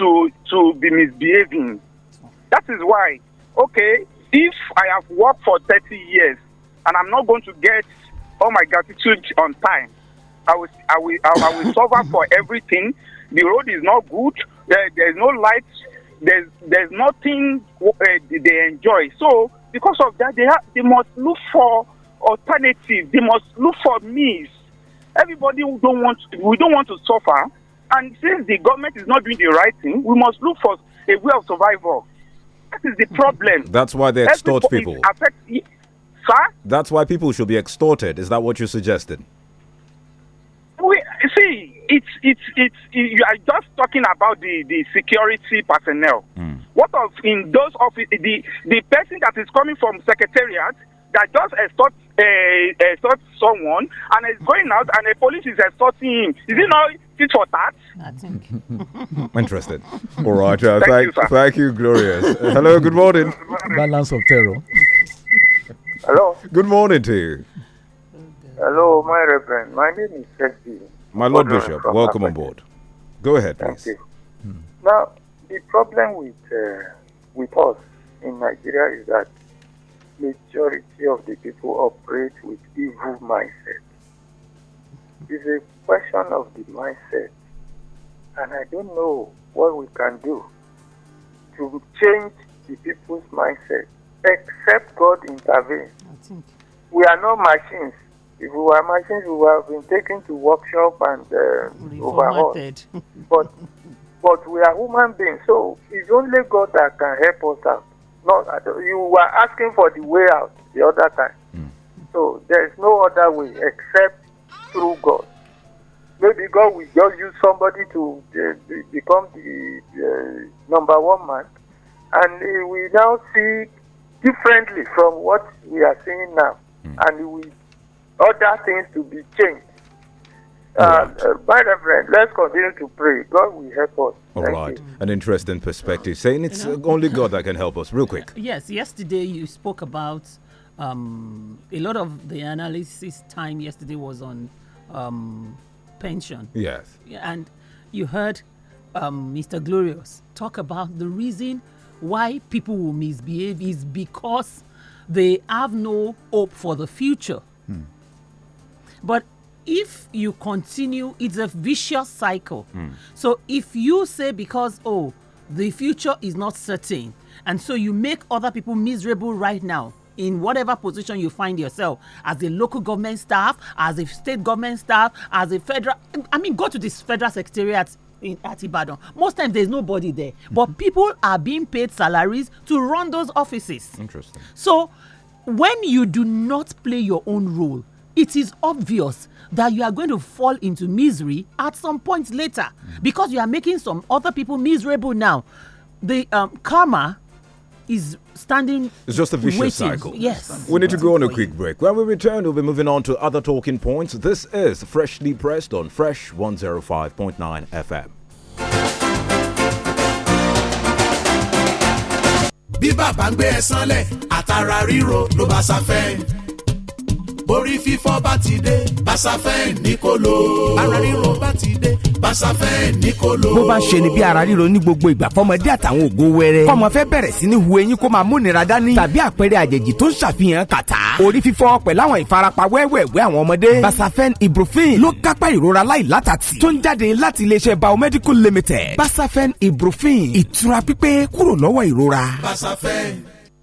to to be misbehaving. That is why, okay, if I have worked for 30 years and I'm not going to get all my gratitude on time, I will I will I, will suffer for everything. The road is not good. There, there's no light. There's there's nothing uh, they enjoy. So because of that, they have, they must look for alternatives. They must look for means. Everybody who don't want we don't want to suffer and since the government is not doing the right thing, we must look for a way of survival. That is the problem. That's why they extort people. Affect, sir? That's why people should be extorted. Is that what you suggested? see. It's it's it's. you are just talking about the the security personnel. Mm. What of in those of the the person that is coming from secretariat that just extort extort someone and he's going out and the police is assaulting him. Is it not fit for that? I think. Interested. All right. Uh, thank, thank, you, sir. thank you, Glorious. Uh, hello, good morning. Balance of terror. hello. Good morning to you. Hello, my reverend. My name is Sexy. My Lord Bishop, welcome Africa. on board. Go ahead, please. Hmm. Now, the problem with uh, with us in Nigeria is that majority of the people operate with evil mindset. It's a question of the mindset. And I don't know what we can do to change the people's mindset except God intervenes. We are not machines. If we were machines, we would have been taken to workshop and uh, overhauled. but but we are human beings, so it's only God that can help us out. No, you were asking for the way out the other time. Mm. So there is no other way except through God. Maybe God will just use somebody to uh, become the uh, number one man, and we now see differently from what we are seeing now, mm. and we other things to be changed uh, right. Uh, my friend, let's continue to pray. God will help us. All Thank right, you. an interesting perspective, saying it's you know, uh, only God that can help us. Real quick. Yes, yesterday you spoke about um, a lot of the analysis time yesterday was on um, pension. Yes. And you heard um, Mr. Glorious talk about the reason why people will misbehave is because they have no hope for the future. Hmm. But if you continue, it's a vicious cycle. Mm. So if you say, because, oh, the future is not certain, and so you make other people miserable right now, in whatever position you find yourself as a local government staff, as a state government staff, as a federal. I mean, go to this federal secretariat in at Most times there's nobody there, hmm. but people are being paid salaries to run those offices. Interesting. So, when you do not play your own role, it is obvious that you are going to fall into misery at some point later mm. because you are making some other people miserable now. The um, karma is standing. It's just a vicious waiting. cycle. Yes. We need to go on a quick break. When we return, we'll be moving on to other talking points. This is Freshly Pressed on Fresh 105.9 FM. bí bàbá ń gbé ẹ sanlẹ̀ àtàrà ríro ló bá borí fífọ́ bá ti dé Basafen ní kò lò ó ara ríro bá ti dé Basafen ní kò lò ó. bó bá ń ṣe ni bí ara ríro ní gbogbo ìgbà fọmọdé àtàwọn ògo wẹrẹ fọmọ fẹ́ bẹ̀rẹ̀ sí ní hu eyín kó máa múnira dání tàbí àpẹẹrẹ àjèjì tó ń ṣàfihàn kàtà orí fífọ́ pẹ̀lú àwọn ìfarapa wẹ́wẹ́wẹ́ àwọn ọmọdé Basafen ibuprofen ló kápá ìrora láìlátàtì tó ń jáde láti iléeṣẹ́ biomedical limited Basafen ibuprofen ìtura pípé kúrò lọ́wọ́ ìrora. Basafen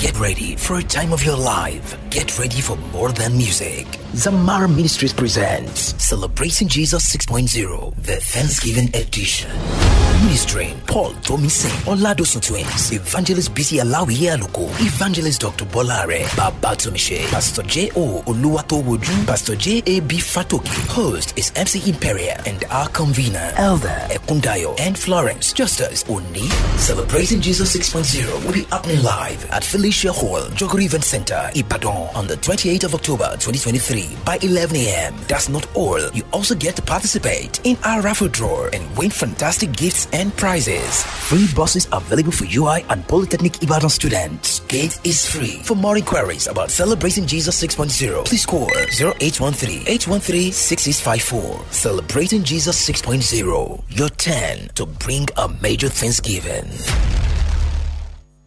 Get ready for a time of your life. Get ready for more than music. Zamara Ministries presents Celebrating Jesus 6.0, the Thanksgiving edition. Ministering Paul Tomise, Oladosun Twins, Evangelist BC Alawi Aluko, Evangelist Dr. Bolare, Baba Tomise, Pastor J.O. Oluwatowoju, Pastor J.A.B. Fatoki. Host is MC Imperia and our convener, Elder Ekundayo and Florence Justice Oni. Celebrating Jesus 6.0 will be happening live at Philly Felicia Hall, Jogger Event Center, Ibadan on the 28th of October 2023 by 11 a.m. That's not all. You also get to participate in our raffle draw and win fantastic gifts and prizes. Free buses available for UI and Polytechnic Ibadan students. Gate is free. For more inquiries about celebrating Jesus 6.0, please call 0813 813 6654. Celebrating Jesus 6.0. Your turn to bring a major thanksgiving.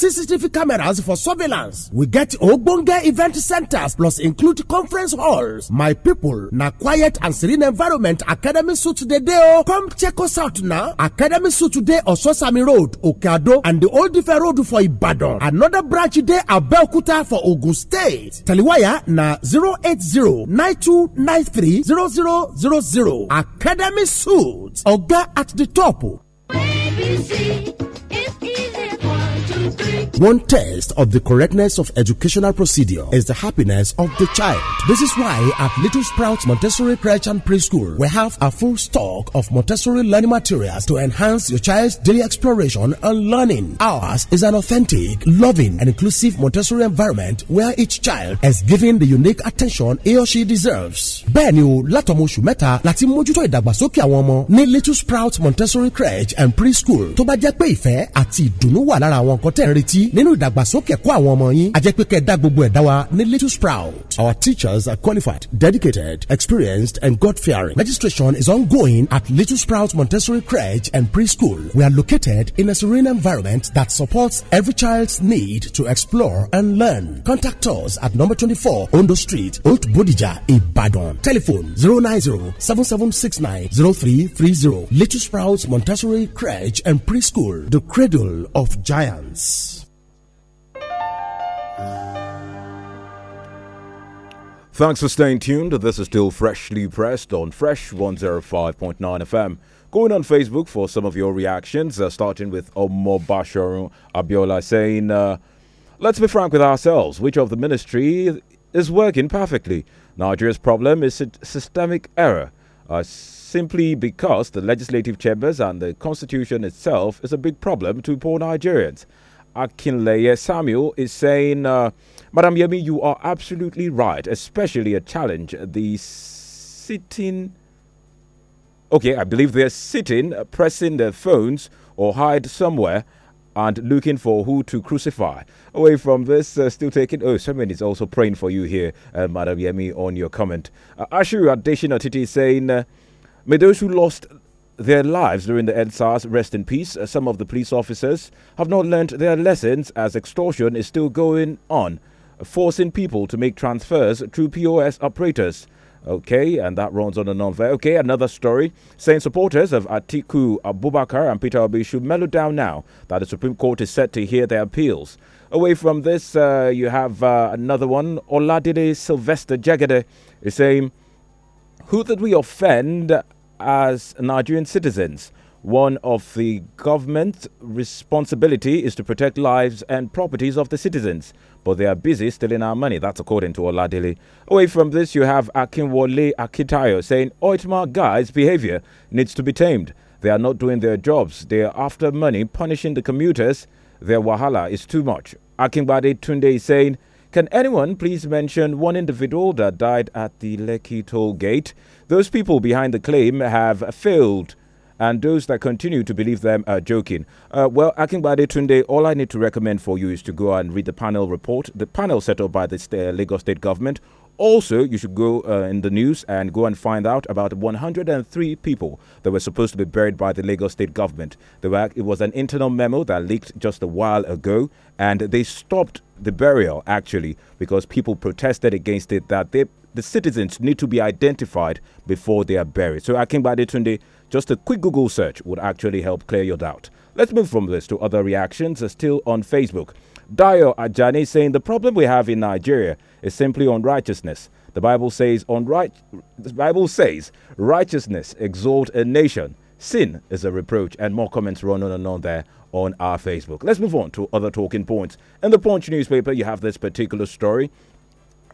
CCTV cameras for surveillance. We get ogbonge event centers plus include conference halls. My people, na quiet and serene environment Academy Suit dey dey o. Come check us out now. Academy Suit dey Ososami Road, Okeado and the Old Ife Road for Ibadan. Another branch dey Abeokuta for Ogun State. Taliwaya na 08092930000. Academy Suit. Oga at the top. ABC, it's easy, one, two, three. One test of the correctness of educational procedure is the happiness of the child. This is why at Little Sprouts Montessori Crèche and Preschool, we have a full stock of Montessori learning materials to enhance your child's daily exploration and learning. Ours is an authentic, loving, and inclusive Montessori environment where each child is given the unique attention he or she deserves. Bẹ́ẹ̀ni o, látọmọ oṣù mẹ́ta láti mójútó ìdàgbàsókè Little Sprouts Montessori Crèche and Preschool. Tó bá jẹ́ pé ìfẹ́ àti ìdùnnú wà lára àwọn nínú ìdàgbàsókè ẹ̀kọ́ àwọn ọmọ yín àjẹpẹ́ kẹ́ ẹ dá gbogbo ẹ̀ dá wa ní Little Sprout. Our teachers are qualified, dedicated, experienced and God-fearing. Registration is ongoing at Little Sprout Montessori Crèche and Preschool. We are located in a serene environment that supports every child's need to explore and learn. Contact us at number 24 Ondo Street, Old Bodija, Ibadan. Telephone zero nine zero seven seven six nine zero three three zero. Little Sprouts Montessori Crèche and Preschool, the cradle of giants. Thanks for staying tuned. This is still freshly pressed on Fresh 105.9 FM. Going on Facebook for some of your reactions, uh, starting with Omo Bashar Abiola saying, uh, Let's be frank with ourselves, which of the ministry is working perfectly? Nigeria's problem is systemic error, uh, simply because the legislative chambers and the constitution itself is a big problem to poor Nigerians. Akinleye Samuel is saying, uh, Madam Yemi, you are absolutely right, especially a challenge. The sitting, okay, I believe they're sitting, uh, pressing their phones or hide somewhere and looking for who to crucify. Away from this, uh, still taking. Oh, someone is also praying for you here, uh, Madam Yemi, on your comment. Uh, Ashiru Adeshina Titi saying, uh, May those who lost their lives during the EDSARS rest in peace, uh, some of the police officers have not learnt their lessons as extortion is still going on, forcing people to make transfers through POS operators. Okay, and that runs on and on. Okay, another story. Saying supporters of Atiku Abubakar and Peter Obi should mellow down now that the Supreme Court is set to hear their appeals. Away from this, uh, you have uh, another one. Oladide Sylvester Jagade is saying, Who did we offend as Nigerian citizens. One of the government's responsibility is to protect lives and properties of the citizens, but they are busy stealing our money. That's according to Oladili. Away from this, you have Akinwole Akitayo saying Oitma oh, guys' behavior needs to be tamed. They are not doing their jobs. They are after money, punishing the commuters. Their wahala is too much. Akinbade Tunde is saying, can anyone please mention one individual that died at the Lekki toll gate? Those people behind the claim have failed and those that continue to believe them are joking. Uh, well, Akingbade Tunde, all I need to recommend for you is to go and read the panel report, the panel set up by the uh, Lagos State government. Also, you should go uh, in the news and go and find out about 103 people that were supposed to be buried by the Lagos State government. Were, it was an internal memo that leaked just a while ago, and they stopped the burial actually because people protested against it that they, the citizens need to be identified before they are buried. So Akinbade Tunde, just a quick Google search would actually help clear your doubt. Let's move from this to other reactions still on Facebook. Dio Ajani saying the problem we have in Nigeria is simply unrighteousness. The Bible says on right the Bible says righteousness exalt a nation. Sin is a reproach, and more comments run on and on there on our Facebook. Let's move on to other talking points. In the Punch newspaper, you have this particular story.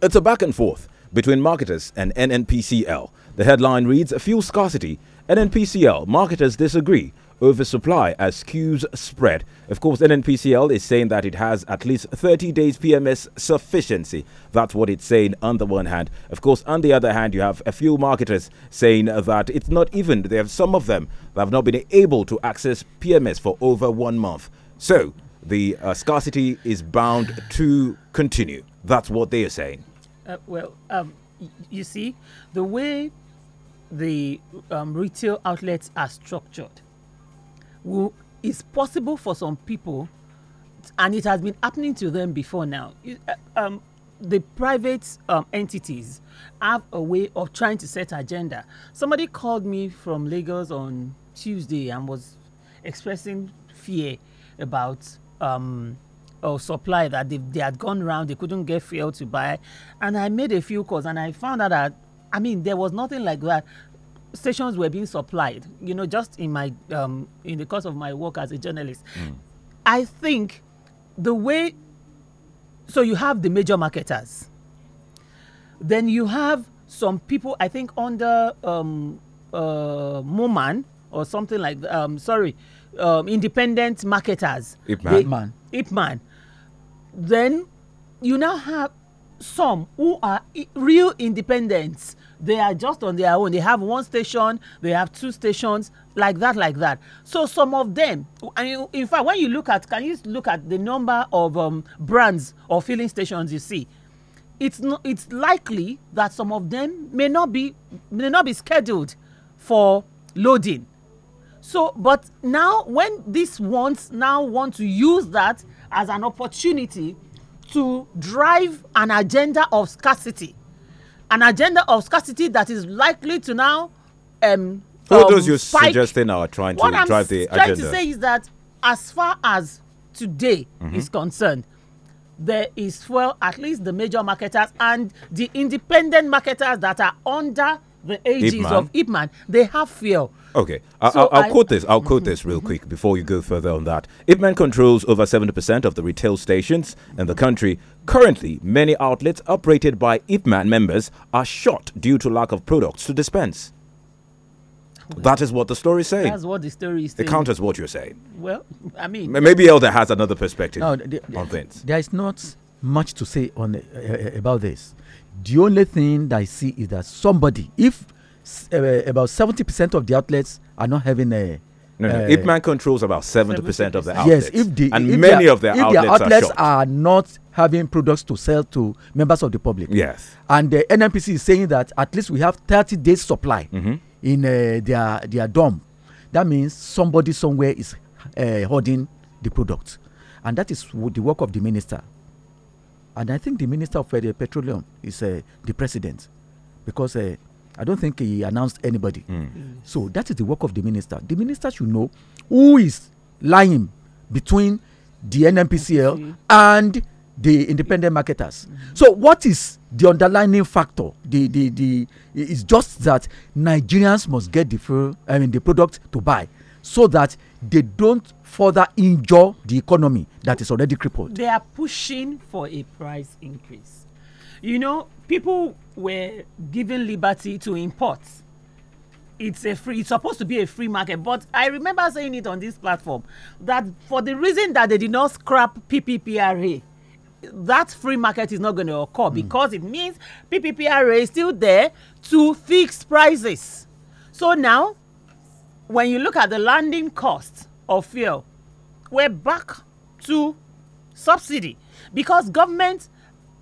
It's a back and forth between marketers and NNPCL. The headline reads Fuel scarcity. NNPCL marketers disagree oversupply as queues spread. Of course, NNPCL is saying that it has at least 30 days PMS sufficiency. That's what it's saying on the one hand. Of course, on the other hand, you have a few marketers saying that it's not even, they have some of them that have not been able to access PMS for over one month. So, the uh, scarcity is bound to continue. That's what they are saying. Uh, well, um, you see, the way the um, retail outlets are structured, will, is possible for some people, and it has been happening to them before now. You, uh, um, the private um, entities have a way of trying to set agenda. Somebody called me from Lagos on Tuesday and was expressing fear about um, a supply that they, they had gone around, they couldn't get fuel to buy. And I made a few calls and I found out that, I mean, there was nothing like that stations were being supplied. You know, just in my um, in the course of my work as a journalist, mm. I think the way. So you have the major marketers. Then you have some people. I think under um, uh, Moman or something like. Um, sorry, um, independent marketers. Ipman. They, Ipman. Then you now have some who are real independents they are just on their own. They have one station, they have two stations, like that, like that. So some of them, and in fact, when you look at, can you look at the number of um, brands or filling stations you see? It's not, it's likely that some of them may not be may not be scheduled for loading. So, but now when these ones now want to use that as an opportunity to drive an agenda of scarcity an agenda of scarcity that is likely to now. Um, Who um, you spike. suggesting are trying to what drive I'm the agenda? What I'm trying to say is that as far as today mm -hmm. is concerned, there is well at least the major marketers and the independent marketers that are under the ages Ip of Ip Man, they have fear. Okay, I, so I'll, I'll quote this. I'll quote this real quick before you go further on that. Ip Man controls over 70% of the retail stations in the country. Currently, many outlets operated by Ip Man members are shut due to lack of products to dispense. Well, that is what the story is saying. That's what the story is saying. It counters what you're saying. Well, I mean, maybe Elder has another perspective no, the, on things. There is not much to say on uh, about this. The only thing that I see is that somebody, if uh, about 70% of the outlets are not having a no, no. Uh, eh, Ipman controls about 70%, 70 of the outlets. Yes, if the, and if many are, of the if outlets, outlets are, are, not having products to sell to members of the public. Yes. And the NMPC is saying that at least we have 30 days supply mm -hmm. in uh, their their dome. That means somebody somewhere is uh, hoarding the product. And that is the work of the minister and I think the Minister of uh, Petroleum is uh, the President because uh, I don't think he announced anybody. Mm. Mm. So that is the work of the minister. The minister should know who is lying between the NMPCL and the independent marketers. Mm So what is the underlying factor? The the the it's just that Nigerians must get the I mean the product to buy so that they don't further injure the economy that is already crippled. They are pushing for a price increase. You know, people were given liberty to import. It's a free. It's supposed to be a free market, but I remember saying it on this platform that for the reason that they did not scrap PPPRA, that free market is not going to occur mm. because it means PPPRA is still there to fix prices. So now, when you look at the landing costs of fuel we're back to subsidy because government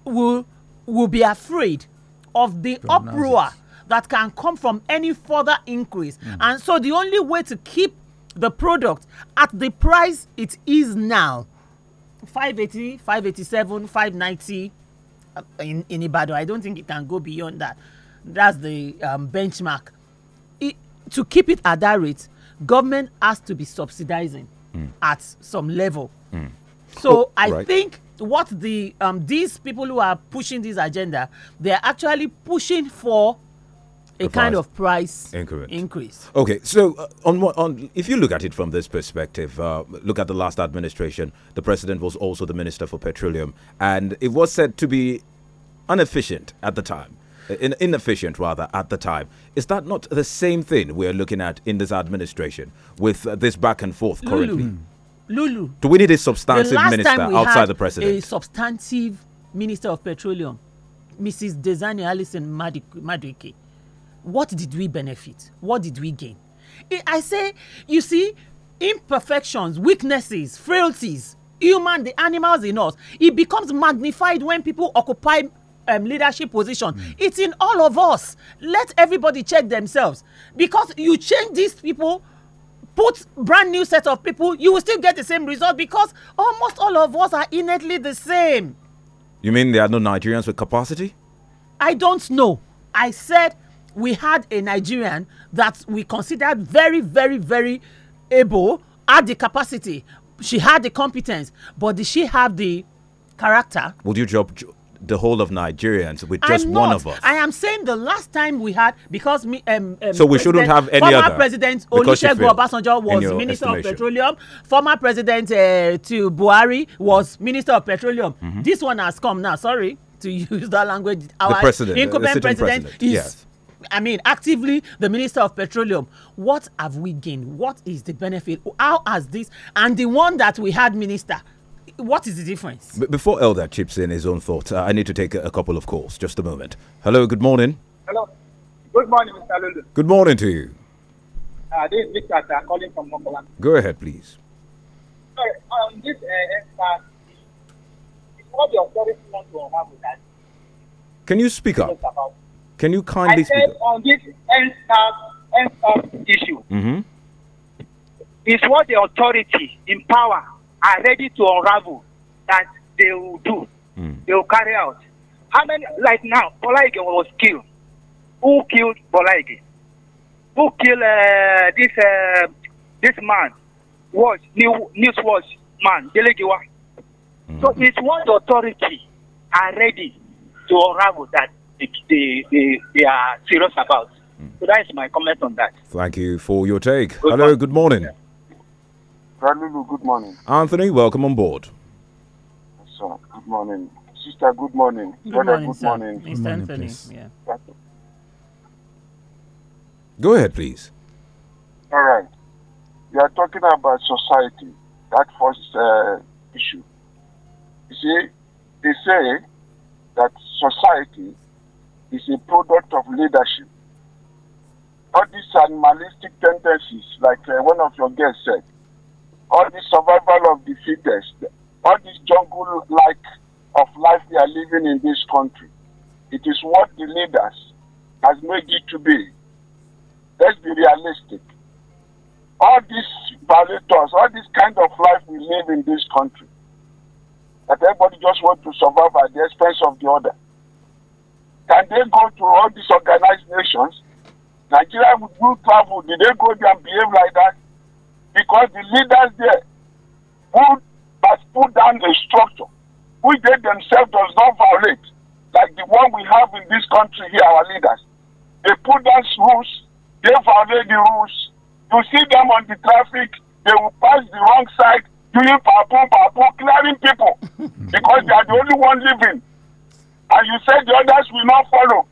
will will be afraid of the uproar that can come from any further increase mm. and so the only way to keep the product at the price it is now 580 587 590 uh, in in Ibado, i don't think it can go beyond that that's the um, benchmark it, to keep it at that rate government has to be subsidizing mm. at some level. Mm. So oh, I right. think what the um, these people who are pushing this agenda, they are actually pushing for a, kind of price increment. increase. Okay, so uh, on on if you look at it from this perspective, uh, look at the last administration. The president was also the minister for petroleum, and it was said to be inefficient at the time in, inefficient rather at the time. Is that not the same thing we're looking at in this administration with uh, this back and forth Lulu, currently? Lulu. Do we need a substantive minister outside the president? A substantive minister of petroleum, Mrs. Desani Allison Maduike. What did we benefit? What did we gain? I say, you see, imperfections, weaknesses, frailties, human, the animals in us, it becomes magnified when people occupy um, leadership position. Mm. It's in all of us. Let everybody check themselves because you change these people put brand new set of people, you will still get the same result because almost all of us are innately the same. You mean there are no Nigerians with capacity? I don't know. I said we had a Nigerian that we considered very, very, very able, had the capacity. She had the competence, but did she have the character? Would you judge, the whole of Nigerians with just not, one of us. I am saying the last time we had because me. Um, um, so we shouldn't have any former other. Former President Olusegun Obasanjo was Minister of Petroleum. Former President uh, to Buhari was Minister of Petroleum. Mm -hmm. This one has come now. Sorry to use that language. Our the president, incumbent the president, president, is. Yes. I mean, actively the Minister of Petroleum. What have we gained? What is the benefit? How has this? And the one that we had, Minister, what is the difference? But before Elder chips in his own thoughts, uh, I need to take a, a, couple of calls. Just a moment. Hello, good morning. Hello. Good morning, Mr. Lulu. Good morning to you. Uh, this is Victor I'm calling from Mokolan. Go ahead, please. Sorry, on um, this uh, it's what the authority want to have with that. Can you speak up? Can you kindly I said on this NSAS issue, mm-hmm. it's what the authority in power are ready to unravel that they will do, mm. they will carry out. How many, like now, Bolaige was killed. Who killed Bolaige? Who killed uh, this uh, this man? Was new, news watch man, Delegiwa. Mm. So it's what authority are ready to unravel that they, they, they, they are serious about. Mm. So that is my comment on that. Thank you for your take. Good Hello, morning. good morning. Yeah good morning. Anthony, welcome on board. sir. Good morning. Sister, good morning. Good Brother, morning, good sir. morning. Mr. Good morning, Anthony, yeah. Go ahead, please. All right. You are talking about society. That first uh, issue. You see, they say that society is a product of leadership. All these animalistic tendencies, like uh, one of your guests said, all this survival of the fittest, all this jungle like of life we are living in this country. It is what the leaders has made it to be. Let's be realistic. All these violators, all this kind of life we live in this country, that everybody just want to survive at the expense of the other. Can they go to all these organized nations? Nigeria would do travel. Did they go there and behave like that? because the leaders there who has put down a structure which they themselves does not violate, like the one we have in this country here, our leaders. They put down rules, they violate the rules. You see them on the traffic, they will pass the wrong side, doing papo, papo, clearing people because they are the only one living. And you said the others will not follow.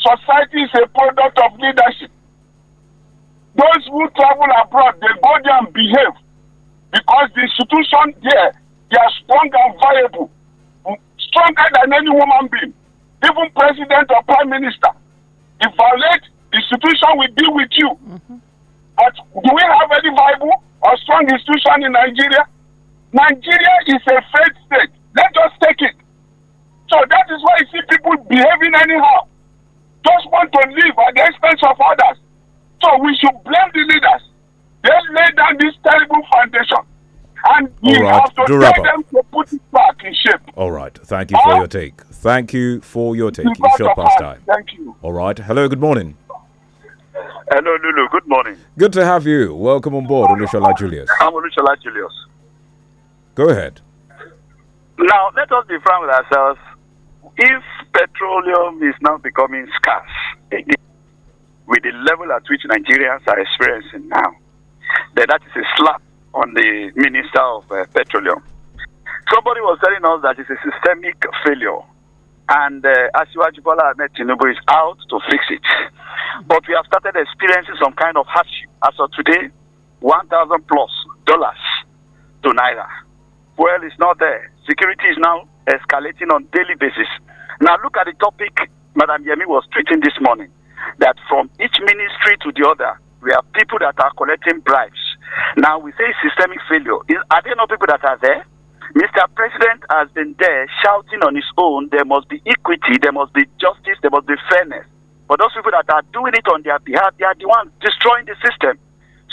Society is a product of leadership. Those who travel abroad, they go there and behave because the institution there, they are strong and viable, mm, stronger than any human being, even president or prime minister. If violate, the institution will deal with you. Mm-hmm. But do we have any viable or strong institution in Nigeria? Nigeria is a failed state. Let us take it. So that is why you see people behaving anyhow. Just want to live at the expense of others. So we should blame the leaders. They laid down this terrible foundation. And we right. have to tell them to put it back in shape. All right. Thank you for uh, your take. Thank you for your take. You've short past time. Thank you. All right. Hello. Good morning. Hello, Lulu. Good morning. Good to have you. Welcome on board, Olushola Julius. I'm Olushola Julius. Go ahead. Now, let us be frank with ourselves. If petroleum is now becoming scarce, with the level at which Nigerians are experiencing now, that is a slap on the Minister of uh, Petroleum. Somebody was telling us that it's a systemic failure, and uh, Asiwaju Bola Ahmed Tinubu is out to fix it. But we have started experiencing some kind of hardship. As of today, 1,000 plus dollars to Naira. Well, it's not there. Security is now escalating on daily basis. Now look at the topic Madam Yemi was tweeting this morning that from each ministry to the other, we have people that are collecting bribes. Now we say systemic failure. Are there no people that are there? Mr. President has been there shouting on his own, there must be equity, there must be justice, there must be fairness. But those people that are doing it on their behalf, they are the ones destroying the system.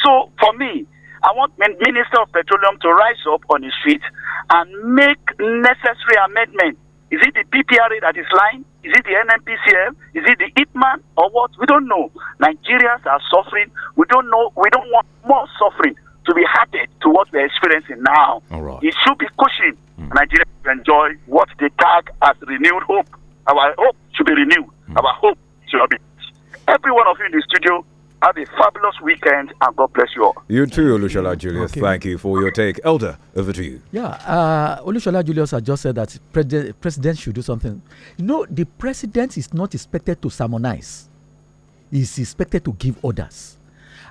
So for me, I want Minister of Petroleum to rise up on his feet and make necessary amendments is it the PPRA that is lying? Is it the NNPCL? Is it the ITMAN or what? We don't know. Nigerians are suffering. We don't know. We don't want more suffering to be added to what we're experiencing now. It should be cushioned. Mm. Nigeria to enjoy what they tag as renewed hope. Our hope should be renewed. Mm. Our hope should be. Every one of you in the studio have a fabulous weekend and God bless you all. You too, Olushola Julius. Okay. Thank you for your take. Elder, over to you. Yeah, uh, Olushola Julius has just said that pre president should do something. You know, the president is not expected to sermonize, he's expected to give orders.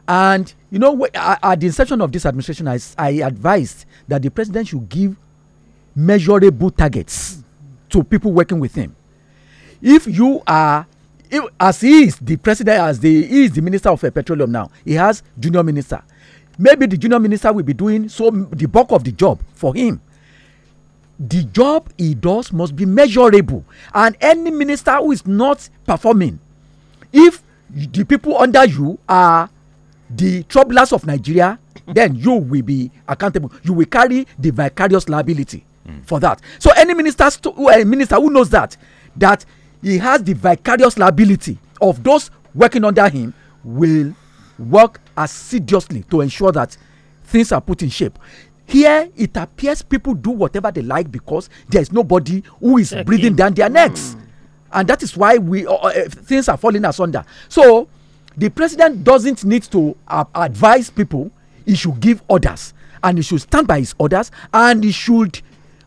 And, you know, uh, at the inception of this administration, I, I advised that the president should give measurable targets to people working with him. If you are as he is the president, as the he is the minister of uh, petroleum now, he has junior minister. Maybe the junior minister will be doing so the bulk of the job for him. The job he does must be measurable, and any minister who is not performing, if the people under you are the troublers of Nigeria, then you will be accountable. You will carry the vicarious liability mm. for that. So any minister, uh, minister who knows that that he has the vicarious liability of those working under him will work assiduously to ensure that things are put in shape here it appears people do whatever they like because there is nobody who is Checking. breathing down their necks mm. and that is why we uh, uh, uh, things are falling asunder so the president doesn't need to uh, advise people he should give orders and he should stand by his orders and he should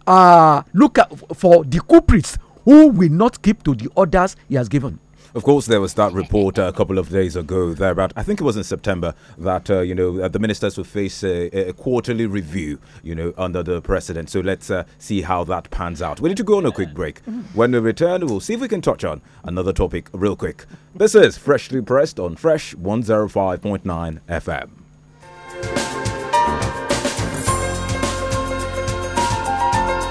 uh, look for the culprits who will not keep to the orders he has given. Of course, there was that report uh, a couple of days ago, there about I think it was in September, that uh, you know the ministers will face a, a, quarterly review, you know, under the president. So let's uh, see how that pans out. We need to go on a quick break. When we return, we'll see if we can touch on another topic real quick. This is freshly pressed on Fresh 105.9 FM.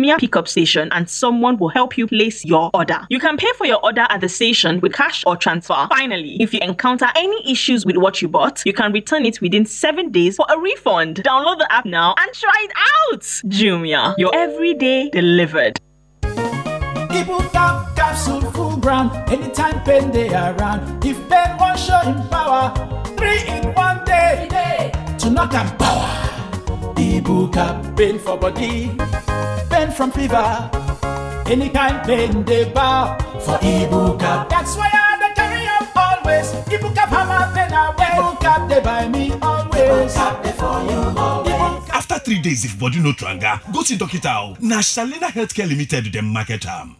Jumia pickup station and someone will help you place your order. You can pay for your order at the station with cash or transfer. Finally, if you encounter any issues with what you bought, you can return it within 7 days for a refund. Download the app now and try it out. Jumia, your everyday delivered. ground. Anytime they around. If show in power, three in one day. day. To knock and power ibucap pain for body pain from fever any kind pain they bow for ibucap that's why i dey carry up always ibucap hammer pain away ibucap dey buy me always ibucap dey for you always. after three days if body no tranga go see doctor o oh. na shalina healthcare limited dem market am.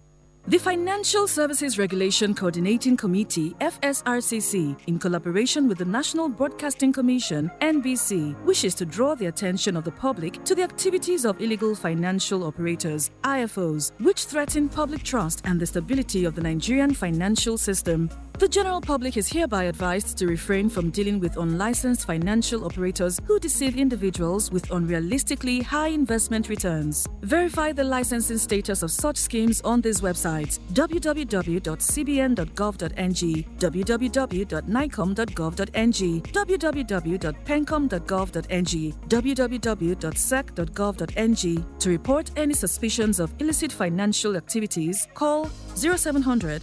The Financial Services Regulation Coordinating Committee, FSRCC, in collaboration with the National Broadcasting Commission, NBC, wishes to draw the attention of the public to the activities of illegal financial operators, IFOs, which threaten public trust and the stability of the Nigerian financial system. The general public is hereby advised to refrain from dealing with unlicensed financial operators who deceive individuals with unrealistically high investment returns. Verify the licensing status of such schemes on these websites www.cbn.gov.ng, www.nicom.gov.ng, www.pencom.gov.ng, www.sec.gov.ng. To report any suspicions of illicit financial activities, call 0700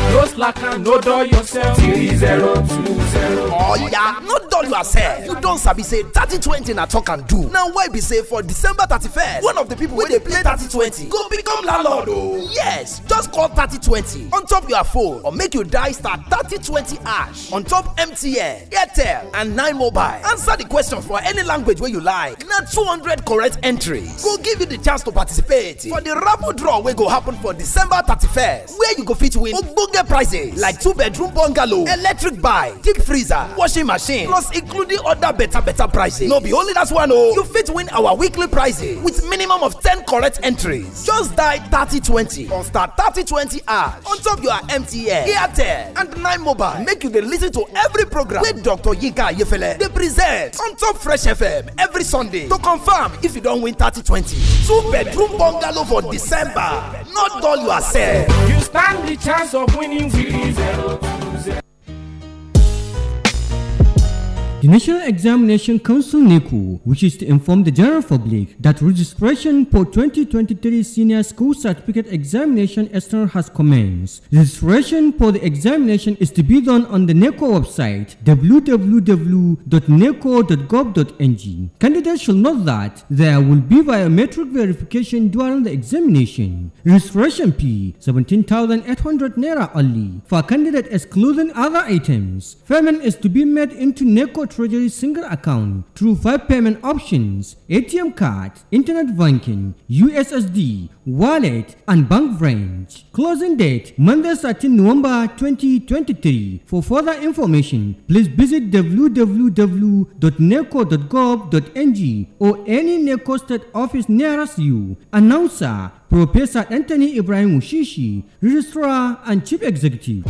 No slack and no dull yourself. Three zero two zero. Oh yeah, no dull yourself. You don sabi say thirty twenty na talk and do. Now why be say for December thirty first, one of the people wey dey play thirty twenty go become landlord o. Oh. Yes, just call thirty twenty on top your phone or make you die star thirty twenty ash on top MTN, Airtel and Nine Mobile. Answer the question for any language wey you like. Na two hundred correct entries go give you the chance to participate for the raffle draw wey go happen for December thirty first, where you go fit win ogbonge wholesale prices like two bedroom bungalow electric bike deep freezer washing machine plus including other better better prices no be only that one oh. you fit win our weekly prizes with minimum of ten correct entries just die thirty twenty on star thirty twenty ash on top your mtn airtel and nine mobile make you dey lis ten to every program wey dr yinka ayefele dey present on top fresh fm every sunday to confirm if you don win thirty twenty two bedroom bungalow for december no dull yourself. you stand the chance of winning. zero The National Examination Council NECO wishes to inform the general public that registration for 2023 Senior School Certificate Examination External has commenced. Registration for the examination is to be done on the NECO website www.neco.gov.ng. Candidates should note that there will be biometric verification during the examination. Registration fee 17,800 naira only for a candidate excluding other items. Payment is to be made into NECO treasury single account through five payment options, ATM card, internet banking, USSD, wallet, and bank branch. Closing date, Monday 13 November 2023. For further information, please visit www.neco.gov.ng or any NECO state office nearest you. Announcer, Professor Anthony Ibrahim Ushishi, Registrar and Chief Executive.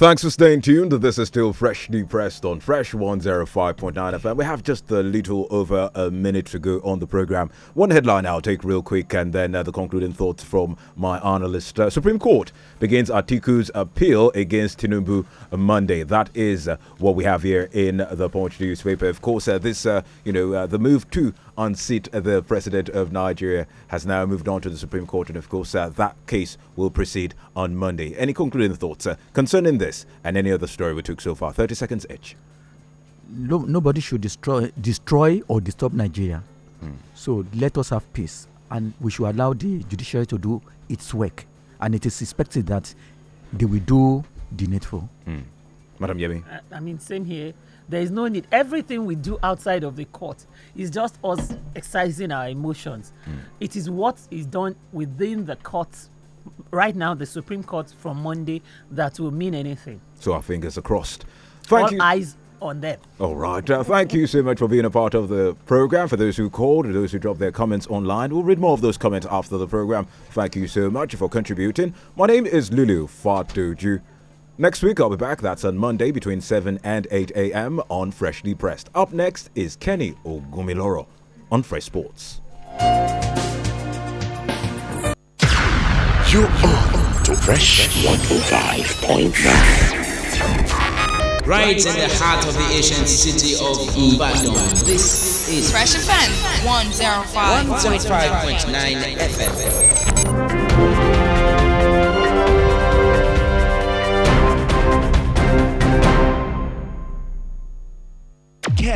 Thanks for staying tuned. This is still freshly pressed on Fresh 105.9 FM. We have just a little over a minute to go on the program. One headline I'll take real quick and then uh, the concluding thoughts from my analyst. Uh, Supreme Court begins Atiku's appeal against Tinubu Monday. That is uh, what we have here in the Punch newspaper. Of course, uh, this, uh, you know, uh, the move to unseat uh, the president of Nigeria has now moved on to the Supreme Court, and of course, uh, that case will proceed on Monday. Any concluding thoughts uh, concerning this and any other story we took so far? 30 seconds each. No, nobody should destroy, destroy or disturb Nigeria. Mm. So let us have peace, and we should allow the judiciary to do its work. And it is expected that they will do the needful. Mm. Madam Yemi. I, uh, I mean, same here. There is no need. Everything we do outside of the court is just us exercising our emotions. Mm. It is what is done within the court right now, the Supreme Court from Monday, that will mean anything. So our fingers are crossed. Thank All you. eyes on them. All right. Uh, thank you so much for being a part of the program. For those who called, those who dropped their comments online, we'll read more of those comments after the program. Thank you so much for contributing. My name is Lulu Fatoju. Next week, I'll be back. That's on Monday between 7 and 8 a.m. on Freshly Pressed. Up next is Kenny Ogumiloro on Fresh Sports. You are to Fresh 105.9. Right in the heart of the ancient city of Ibadan. This is Fresh Offense 105.9 FM.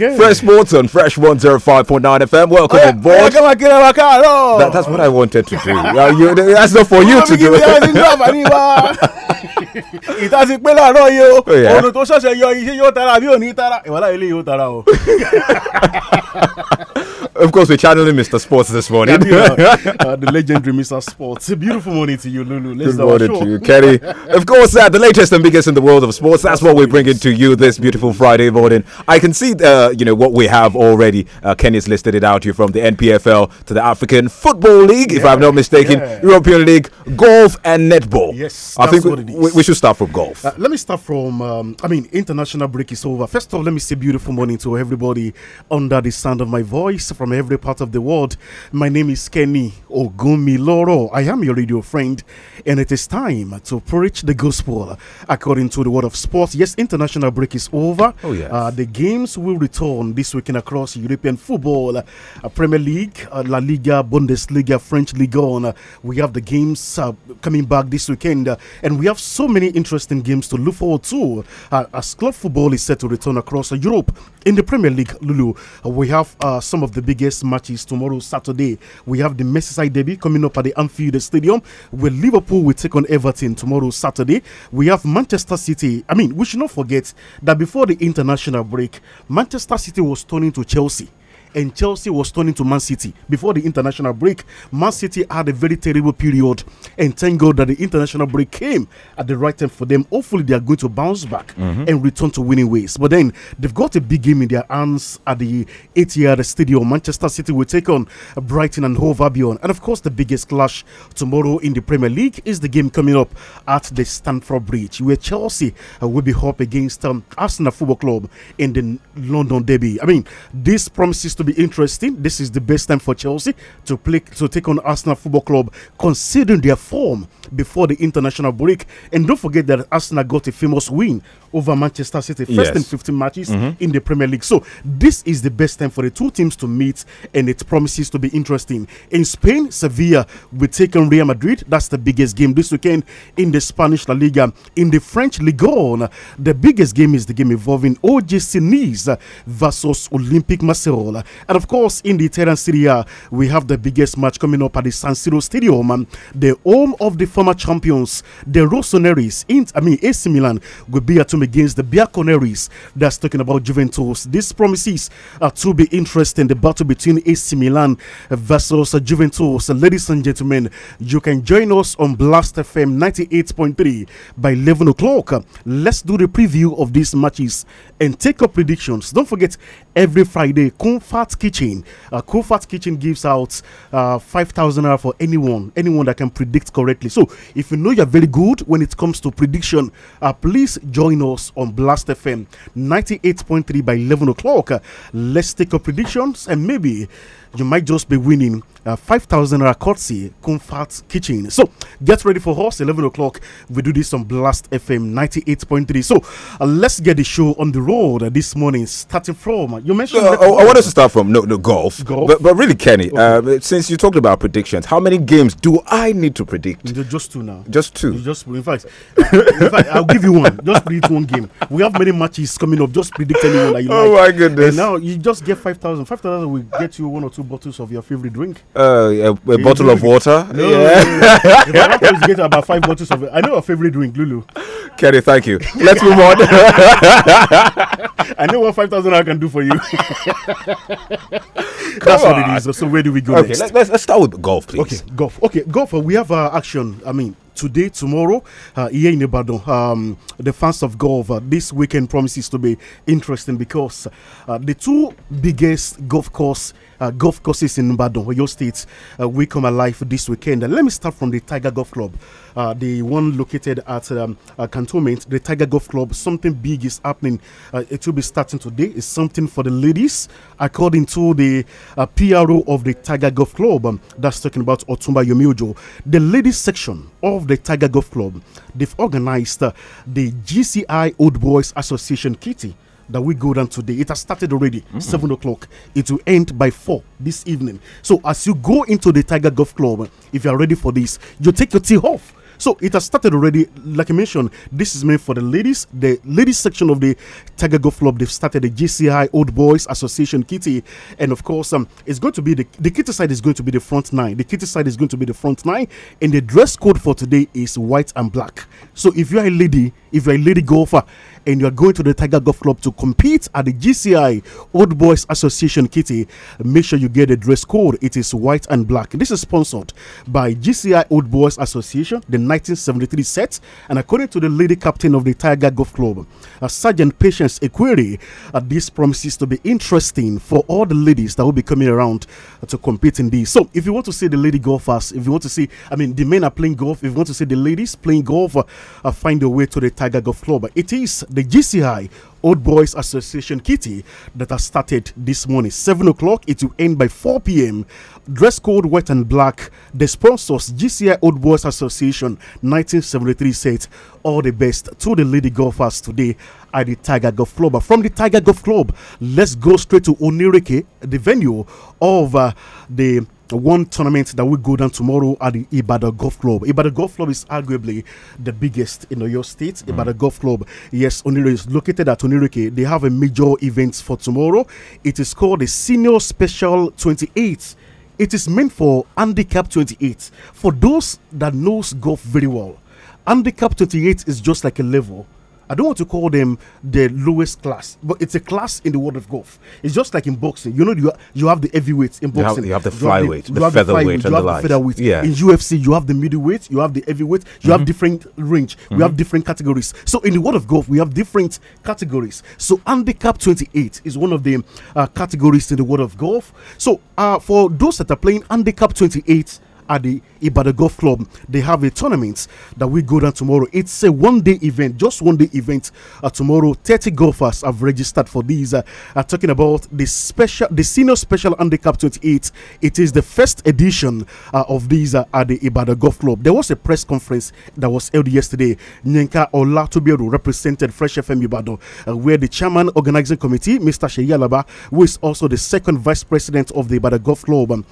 good. Fresh Morton, Fresh 105.9 FM. Welcome oh, yeah. aboard. Oh. that, that's what I wanted to do. uh, you, that's not for you to do. ìtàsí pé láàárọ̀ yìí o tó ṣẹ̀ṣẹ̀ yọ iṣẹ́ yóò tara àbí òní tara yóò tara o. Of course, we're channeling Mr. Sports this morning. uh, the legendary Mr. Sports. A beautiful morning to you, Lulu. Let's Good morning to you, Kerry. Of course, uh, the latest and biggest in the world of sports. That's what we're bringing to you this beautiful Friday morning. I can see uh, uh, you know what we have already. Uh, Kenny's listed it out here from the NPFL to the African Football League, yeah, if I'm not mistaken, yeah. European League, golf and netball. Yes, I think we, we, we, should start from golf. Uh, let me start from. Um, I mean, international break is over. First of all, let me say beautiful morning to everybody under the sound of my voice from every part of the world. My name is Kenny Ogumiloro. I am your radio friend, and it is time to preach the gospel according to the word of sports. Yes, international break is over. Oh yeah, uh, the games will return this weekend across European football, uh, Premier League, uh, La Liga, Bundesliga, French Ligue 1. Uh, we have the games uh, coming back this weekend, uh, and we have so many interesting games to look forward to as club football is set to return across Europe. In the Premier League, Lulu, we have some of the biggest matches tomorrow, Saturday. We have the Merseyside derby coming up at the Anfield Stadium, where Liverpool will take on Everton tomorrow, Saturday. We have Manchester City. I mean, we should not forget that before the international break, Manchester Leicester City was turning to Chelsea and Chelsea was turning to Man City. Before the international break, Man City had a very terrible period, and thank God that the international break came at the right time for them. Hopefully, they are going to bounce back mm -hmm. and return to winning ways. But then they've got a big game in their hands at the ATR Stadium. Manchester City will take on Brighton and Hove Albion, and of course, the biggest clash tomorrow in the Premier League is the game coming up at the Stamford Bridge, where Chelsea uh, will be up against um, Arsenal Football Club in the London Derby. I mean, this promises to be interesting. This is the best time for Chelsea to play to take on Arsenal Football Club, considering their form before the international break. And don't forget that Arsenal got a famous win over Manchester City, first yes. in 15 matches mm -hmm. in the Premier League. So this is the best time for the two teams to meet, and it promises to be interesting. In Spain, Sevilla will take on Real Madrid. That's the biggest game this weekend in the Spanish La Liga. In the French Ligue 1, the biggest game is the game involving OGC Nice versus Olympique Marseille. And of course, in the Italian Serie we have the biggest match coming up at the San Siro Stadium, um, the home of the former champions, the Rossoneri's. In, I mean, AC Milan will be at home against the Bianconeri's. That's talking about Juventus. This promises uh, to be interesting. The battle between AC Milan versus uh, Juventus. Uh, ladies and gentlemen, you can join us on Blast FM 98.3 by 11 o'clock. let's do the preview of these matches and take up predictions. Don't forget, every Friday, Kufat's Kitchen. Uh, Kufat's Kitchen gives out uh, 5,000 naira for anyone, anyone that can predict correctly. So if you know you're very good when it comes to prediction, uh, please join us on Blast FM 98.3 by 11 o'clock. Uh, let's take your predictions and maybe you might just be winning a uh, 5,000 Naira courtesy Comfort Kitchen. So get ready for us, 11 o'clock. We do this on Blast FM 98.3. So uh, let's get the show on the road uh, this morning, starting from uh, you mentioned. I, I want us to start from no, no golf, golf. But, but really, Kenny, okay. Uh, since you talked about predictions, how many games do I need to predict? Just two now. Just two. just in fact, in fact, I'll give you one. Just predict one game. We have many matches coming up. Just predict anyone that you oh like. Oh my goodness! And now you just get 5,000. 5,000 will get you one or two two bottles of your favorite drink. Uh, a, a bottle drink? of water. No, yeah. No, no, if I get about five bottles of, I know your favorite drink, Lulu. Kerry, thank you. Let's move on. I know what five thousand I can do for you. That's on. what it is. So where do we go okay, next? Let, us let's start with golf, please. Okay, golf. Okay, golf. Uh, we have uh, action. I mean, today, tomorrow, uh, here in Ibadan. Um, the fans of golf uh, this weekend promises to be interesting because uh, the two biggest golf course uh, golf courses in Badon, Oyo State, uh, will come alive this weekend. And let me start from the Tiger Golf Club, uh, the one located at um, uh, Cantonment. The Tiger Golf Club, something big is happening. Uh, it will be starting today. It's something for the ladies, according to the uh, PRO of the Tiger Golf Club. Um, that's talking about Otumba Yomiojo. The ladies section of the Tiger Golf Club, they've organized the GCI Old Boys Association Kitty that we go down today. It has started already, mm -hmm. 7 o'clock. It will end by 4 this evening. So, as you go into the Tiger Golf Club, if you are ready for this, you take your tee off. So it has started already. Like I mentioned, this is meant for the ladies. The ladies section of the Tiger Golf Club, they've started the GCI Old Boys Association Kitty. And of course, um, it's going to be the, the kitty side is going to be the front nine. The kitty side is going to be the front nine. And the dress code for today is white and black. So if you're a lady, if you're a lady golfer, and you are going to the Tiger Golf Club to compete at the GCI Old Boys Association Kitty, make sure you get the dress code. It is white and black. This is sponsored by GCI Old Boys Association, the 1973 set. And according to the lady captain of the Tiger Golf Club, uh, Sergeant Patience Equiri, uh, this promises to be interesting for all the ladies that will be coming around to compete in this. So if you want to see the lady golfers, if you want to see, I mean, the men are playing golf, if you want to see the ladies playing golf, uh, uh find your way to the Tiger Golf Club. It is the GCI Old Boys Association Kitty that has started this morning. 7 o'clock, it will end by 4 p.m. Dress code white and black. The sponsors, GCI Old Boys Association 1973 said, All the best to the lady golfers today at the Tiger Golf Club. But from the Tiger Golf Club, let's go straight to Onirike, the venue of uh, the one tournament that will go down tomorrow at the Ibadan Golf Club. Ibadan Golf Club is arguably the biggest in your state. Mm. Ibadan Golf Club, yes, Oniro is located at Oniruke. They have a major event for tomorrow. It is called the Senior Special 28. It is meant for handicap 28. For those that knows golf very well, handicap 28 is just like a level I don't want to call them the lowest class, but it's a class in the world of golf. It's just like in boxing. You know, you, you have the heavyweights in boxing. You have, you have the flyweight, the, the featherweight, and the light. featherweight. Yeah. In UFC, you have the middleweight, you have the heavyweight, you mm -hmm. have mm-hmm. different range, mm -hmm. we mm-hmm. have different categories. So in the world of golf, we have different categories. So handicap 28 is one of the uh, categories in the world of golf. So uh, for those that are playing handicap 28, at the Ibadan Golf Club. They have a tournament that we go down tomorrow. It's a one day event, just one day event. Uh, tomorrow, 30 golfers have registered for these. Uh, uh, talking about the special, the senior special handicap 28. It is the first edition uh, of these uh, at the Ibadan Golf Club. There was a press conference that was held yesterday. Nyenka Olatubiru represented Fresh FM Ibadan, uh, where the chairman organizing committee, Mr. Sheyalaba, who is also the second vice president of the Ibadan Golf Club, um,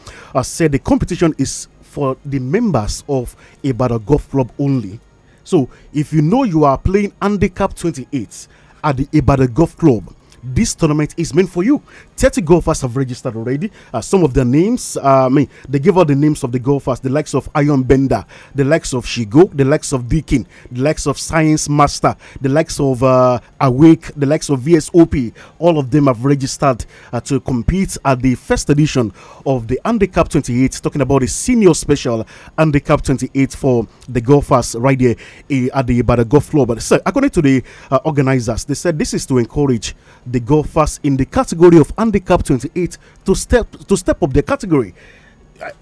said the competition is for the members of Ibadan Golf Club only. So if you know you are playing handicap 28 at the Ibadan Golf Club, this tournament is meant for you. 30 golfers have registered already. Uh, some of the names, uh, I mean, they give out the names of the golfers, the likes of Iron Bender, the likes of Shigo, the likes of Deakin, the likes of Science Master, the likes of uh, Awake, the likes of VSOP. All of them have registered uh, to compete at the first edition of the Handicap 28, talking about the senior special Handicap 28 for the golfers right there eh, at the, by the golf floor. But according to the uh, organizers, they said this is to encourage the golfers in the category of handicap 28 to step to step up the category.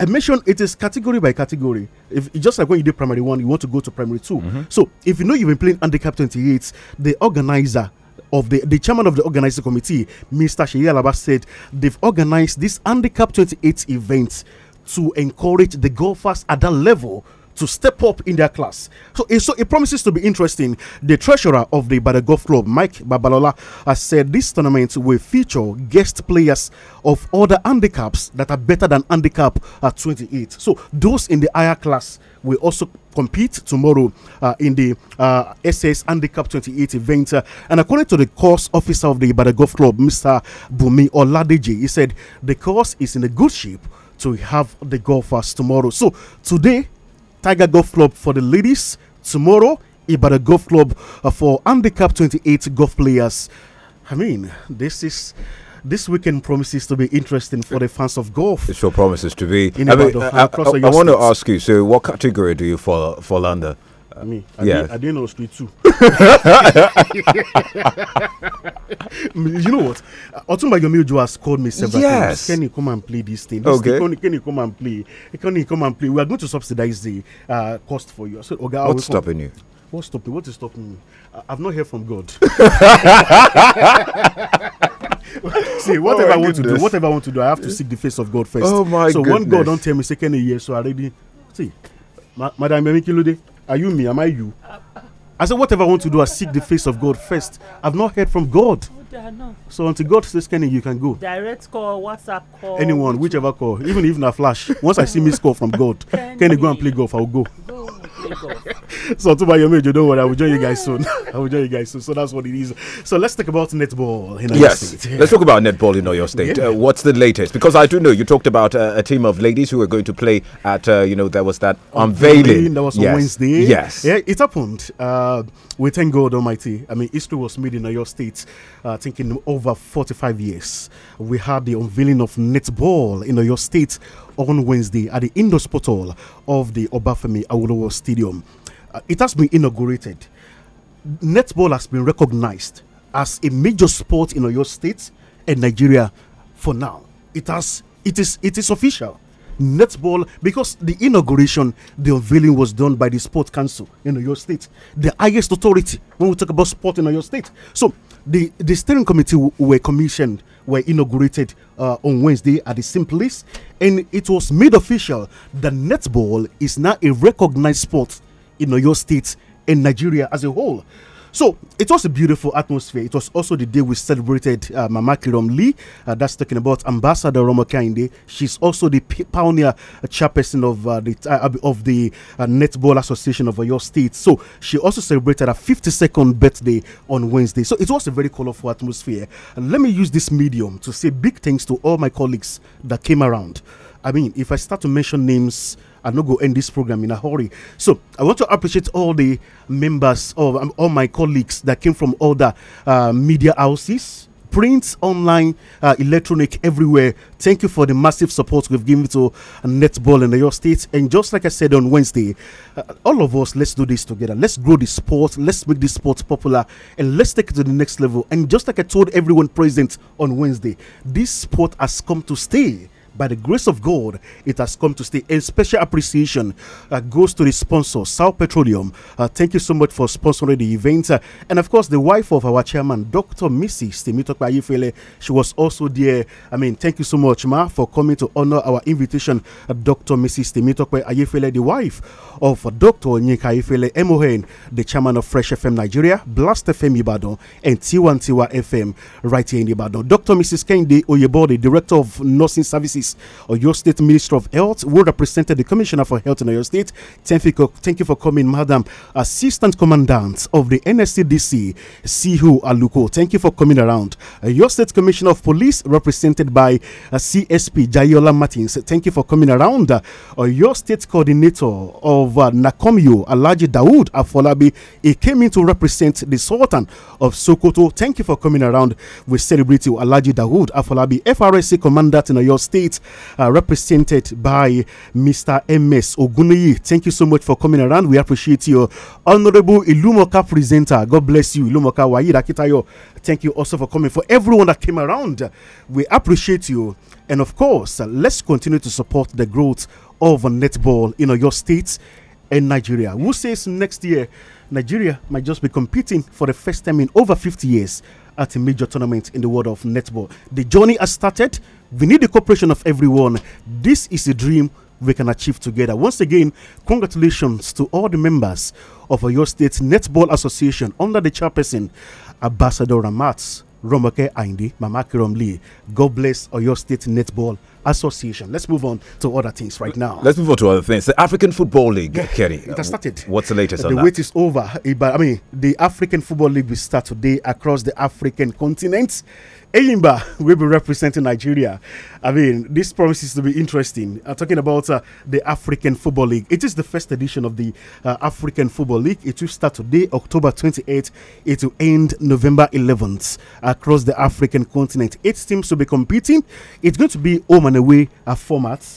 I, mentioned it is category by category. If just like when you did primary one, you want to go to primary 2 mm -hmm. So if you know you've been playing handicap 28, the organizer of the, the chairman of the organizing committee, Mr. Sheyi Alaba, said they've organized this handicap 28 event to encourage the golfers at that level to step up in their class. So, so it promises to be interesting. The treasurer of the Bada Golf Club, Mike Babalola, has said this tournament will feature guest players of other handicaps that are better than handicap at 28. So those in the higher class will also compete tomorrow uh, in the uh, SS Handicap 28 event. Uh, and according to the course officer of the Bada Golf Club, Mr. Bumi Oladeji, he said the course is in a good shape to have the golfers tomorrow. So today, Tiger Golf Club for the ladies tomorrow, Ibadan Golf Club uh, for handicap 28 golf players. I mean, this is this weekend promises to be interesting for the fans of golf. It sure promises to be. I, mean, I, I, I want to ask you. So, what category do you fall for under? me. I yeah. Did, I didn't know street too. you know what? Otumba Gomiljo has called me several yes. times. Can you come and play this thing? This okay. Thing, can, you, come and play? Can you come and play? We are going to subsidize the uh, cost for you. What's stopping you? What's stopping? What is stopping me? I've not heard from God. See, whatever oh I want goodness. to do, whatever I want to do, I have to seek the face of God first. Oh my So goodness. when God don't tell me, second year, so I already see. Ma Madam Memikilude, are you me? Am I you? I said, whatever I want to do, I seek the face of God first. I've not heard from God. So until God says "Can you can go. Direct call, WhatsApp call. Anyone, whichever call, even if na flash. Once I see miss call from God, can you go and play golf? I'll go. go so Tuba Yomi worry. I will join you guys soon. I will join you guys soon. So that's what it is. So let's talk about netball in Oyo yes. State. let's talk about netball in Oyo State. Yeah. Uh, what's the latest? Because I do know you talked about uh, a team of ladies who were going to play at, uh, you know, there was that unveiling. That was yes. on Wednesday. Yes. Yeah, it happened. Uh, we thank God Almighty. I mean, history was made in Oyo State, uh, I think in over 45 years. We had the unveiling of netball in Oyo State on Wednesday at the indoor sports hall of the Obafemi Awolowo Stadium. Uh, it has been inaugurated. Netball has been recognized as a major sport in your state and Nigeria for now. It has it is it is official netball because the inauguration, the unveiling was done by the Sport Council in your state, the highest authority when we talk about sport in your state. So the, the steering committee were commissioned, were inaugurated uh, on Wednesday at the place, and it was made official that netball is now a recognized sport in Oyo State and Nigeria as a whole. So it was a beautiful atmosphere. It was also the day we celebrated uh, Mama Kiram Lee. Uh, that's talking about Ambassador Romokainde. She's also the pioneer uh, chairperson of uh, the uh, of the uh, Netball Association of your state. So she also celebrated her 52nd birthday on Wednesday. So it was a very colorful atmosphere. And let me use this medium to say big thanks to all my colleagues that came around. I mean, if I start to mention names, I going go end this program in a hurry. So I want to appreciate all the members of um, all my colleagues that came from other uh, media houses print, online, uh, electronic, everywhere. Thank you for the massive support we've given to netball in your states. And just like I said on Wednesday, uh, all of us, let's do this together. Let's grow the sport. Let's make the sport popular, and let's take it to the next level. And just like I told everyone present on Wednesday, this sport has come to stay by the grace of God, it has come to stay. A special appreciation uh, goes to the sponsor, South Petroleum. Uh, thank you so much for sponsoring the event. Uh, and of course, the wife of our chairman, Dr. Mrs. Temitope Ayefele, she was also there. I mean, thank you so much, Ma, for coming to honor our invitation, uh, Dr. Mrs. Temitope Ayefele, the wife of Dr. Onyeka Ayefele Emohen, the chairman of Fresh FM Nigeria, Blast FM Ibadan, and T1 Tiwa FM right here in Ibadan. Dr. Mrs. Kende Oyebode, director of nursing services Office, Oyo State Minister of Health, who represented the Commissioner for Health in Oyo State. Thank you, thank you for coming, Madam Assistant Commandant of the NSCDC, Sihu Aluko. Thank you for coming around. Oyo State Commissioner of Police, represented by uh, CSP Jayola Martins. Thank you for coming around. Oyo State Coordinator of uh, Nakomio, Alaji Dawood Afolabi, he came in to represent the Sultan of Sokoto. Thank you for coming around. We celebrate you, Alaji Dawood Afolabi, FRSC Commander in Oyo State uh, represented by Mr. M.S. Oguniyi, Thank you so much for coming around. We appreciate you. Honorable Ilumoka presenter, God bless you. Ilumoka Wahid thank you also for coming. For everyone that came around, we appreciate you. And of course, uh, let's continue to support the growth of netball in your state and Nigeria. Who says next year Nigeria might just be competing for the first time in over 50 years at a major tournament in the world of netball? The journey has started. We need the cooperation of everyone. This is a dream we can achieve together. Once again, congratulations to all the members of your state Netball Association under the chairperson, Ambassador Ramat Romoke Aindi Mamaki Lee. God bless your state Netball Association. Let's move on to other things right now. Let's move on to other things. The African Football League, yeah, Kerry. It has uh, started. What's the latest the on that? The wait is over. I mean, the African Football League will start today across the African continent. Eyimba will be representing Nigeria. I mean, this promises to be interesting. Uh, talking about uh, the African Football League, it is the first edition of the uh, African Football League. It will start today, October 28th. It will end November 11th across the African continent. Eight teams will be competing. It's going to be home and away uh,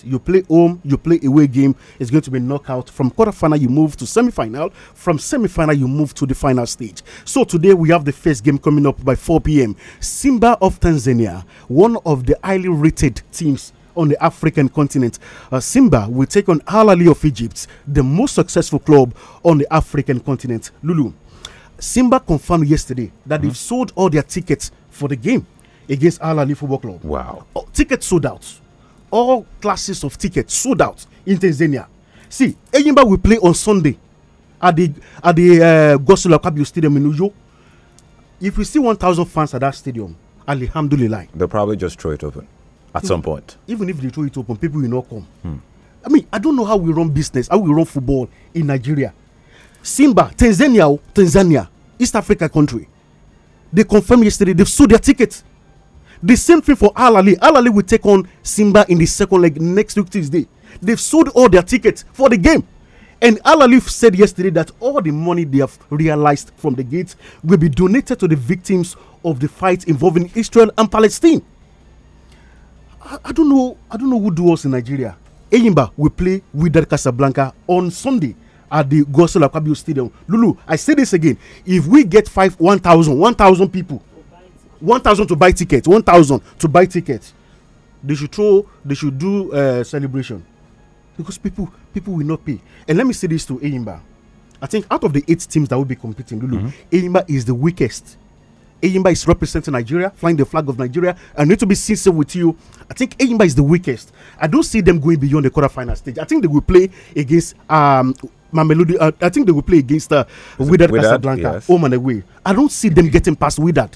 You play home, you play away game. It's going to be knockout. From quarterfinal, you move to semi-final. From semi-final, you move to the final stage. So today we have the first game coming up by 4 p.m. Simba of Tanzania, one of the highly rated teams on the African continent. Uh, Simba will take on Al Ahly of Egypt, the most successful club on the African continent. Lulu, Simba confirmed yesterday that mm -hmm. they've mm-hmm. sold all their tickets for the game against Al Ahly Football Club. Wow. All oh, tickets sold out. All classes of tickets sold out in Tanzania. See, Enyimba will play on Sunday at the at the uh, Gosula Stadium in Ujo. If we see 1,000 fans at that stadium, Alhamdulillah. They'll probably just throw it open at some point. Even if they throw it open, people will not come. Hmm. I mean, I don't know how we run business, how we run football in Nigeria. Simba, Tanzania, oh, Tanzania, East Africa country. They confirmed yesterday they've sold their tickets. The same thing for Alali. Alali will take on Simba in the second leg next week Tuesday. They've sold all their tickets for the game. And Al Alif said yesterday that all the money they have realized from the gate will be donated to the victims of the fight involving Israel and Palestine. I, I don't know. I don't know who do us in Nigeria. Eyimba will play with that Casablanca on Sunday at the Gospel Akabio Stadium. Lulu, I say this again. If we get five, 1,000, people, 1,000 to buy tickets, 1,000 to buy tickets, they should throw, they should do a uh, celebration. Because people, people will not pay. And let me say this to Eyimba. I think out of the eight teams that will be competing, Lulu, mm -hmm. is the weakest. Eyimba is representing Nigeria, flying the flag of Nigeria. I need to be sincere with you. I think Eyimba is the weakest. I don't see them going beyond the quarterfinal stage. I think they will play against um, Mamelodi. Uh, I think they will play against uh, Wydad Casablanca, yes. home and away. I don't see them getting past Wydad.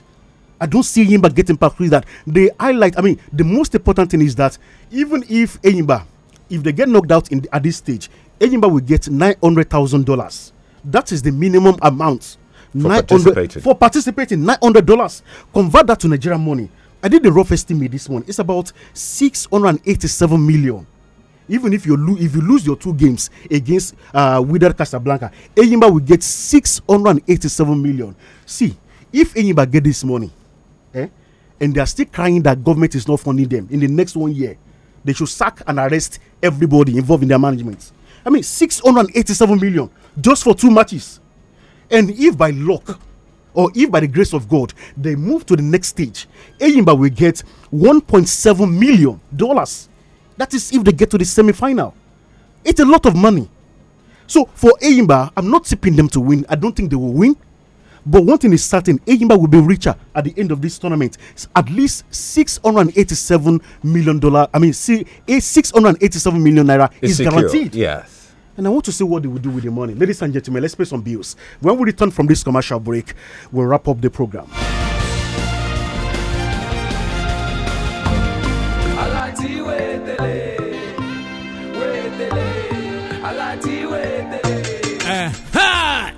I don't see Eyimba getting past Wydad. They highlight. I mean, the most important thing is that even if Eyimba if they get knocked out in the, at this stage, Ejimba will get nine hundred thousand dollars. That is the minimum amount. For participating. For participating, nine hundred dollars. Convert that to Nigerian money. I did the rough estimate this morning. It's about six hundred and eighty-seven million. Even if you lose, if you lose your two games against uh, Wydad Casablanca, Eyimba will get six hundred and eighty-seven million. See, if Eyimba get this money, eh, and they are still crying that government is not funding them in the next one year, they should sack and arrest everybody involved in their management. I mean, 687 million just for two matches. And if by luck or if by the grace of God they move to the next stage, Eyimba will get 1.7 million dollars. That is if they get to the semi final. It's a lot of money. So for Eyimba, I'm not tipping them to win. I don't think they will win. But one thing is certain Eyimba will be richer at the end of this tournament. It's at least $687 million. I mean, see, $687 naira is secure. guaranteed. Yes. And I want to see what they will do with the money. Ladies and gentlemen, let's pay some bills. When we return from this commercial break, we'll wrap up the program.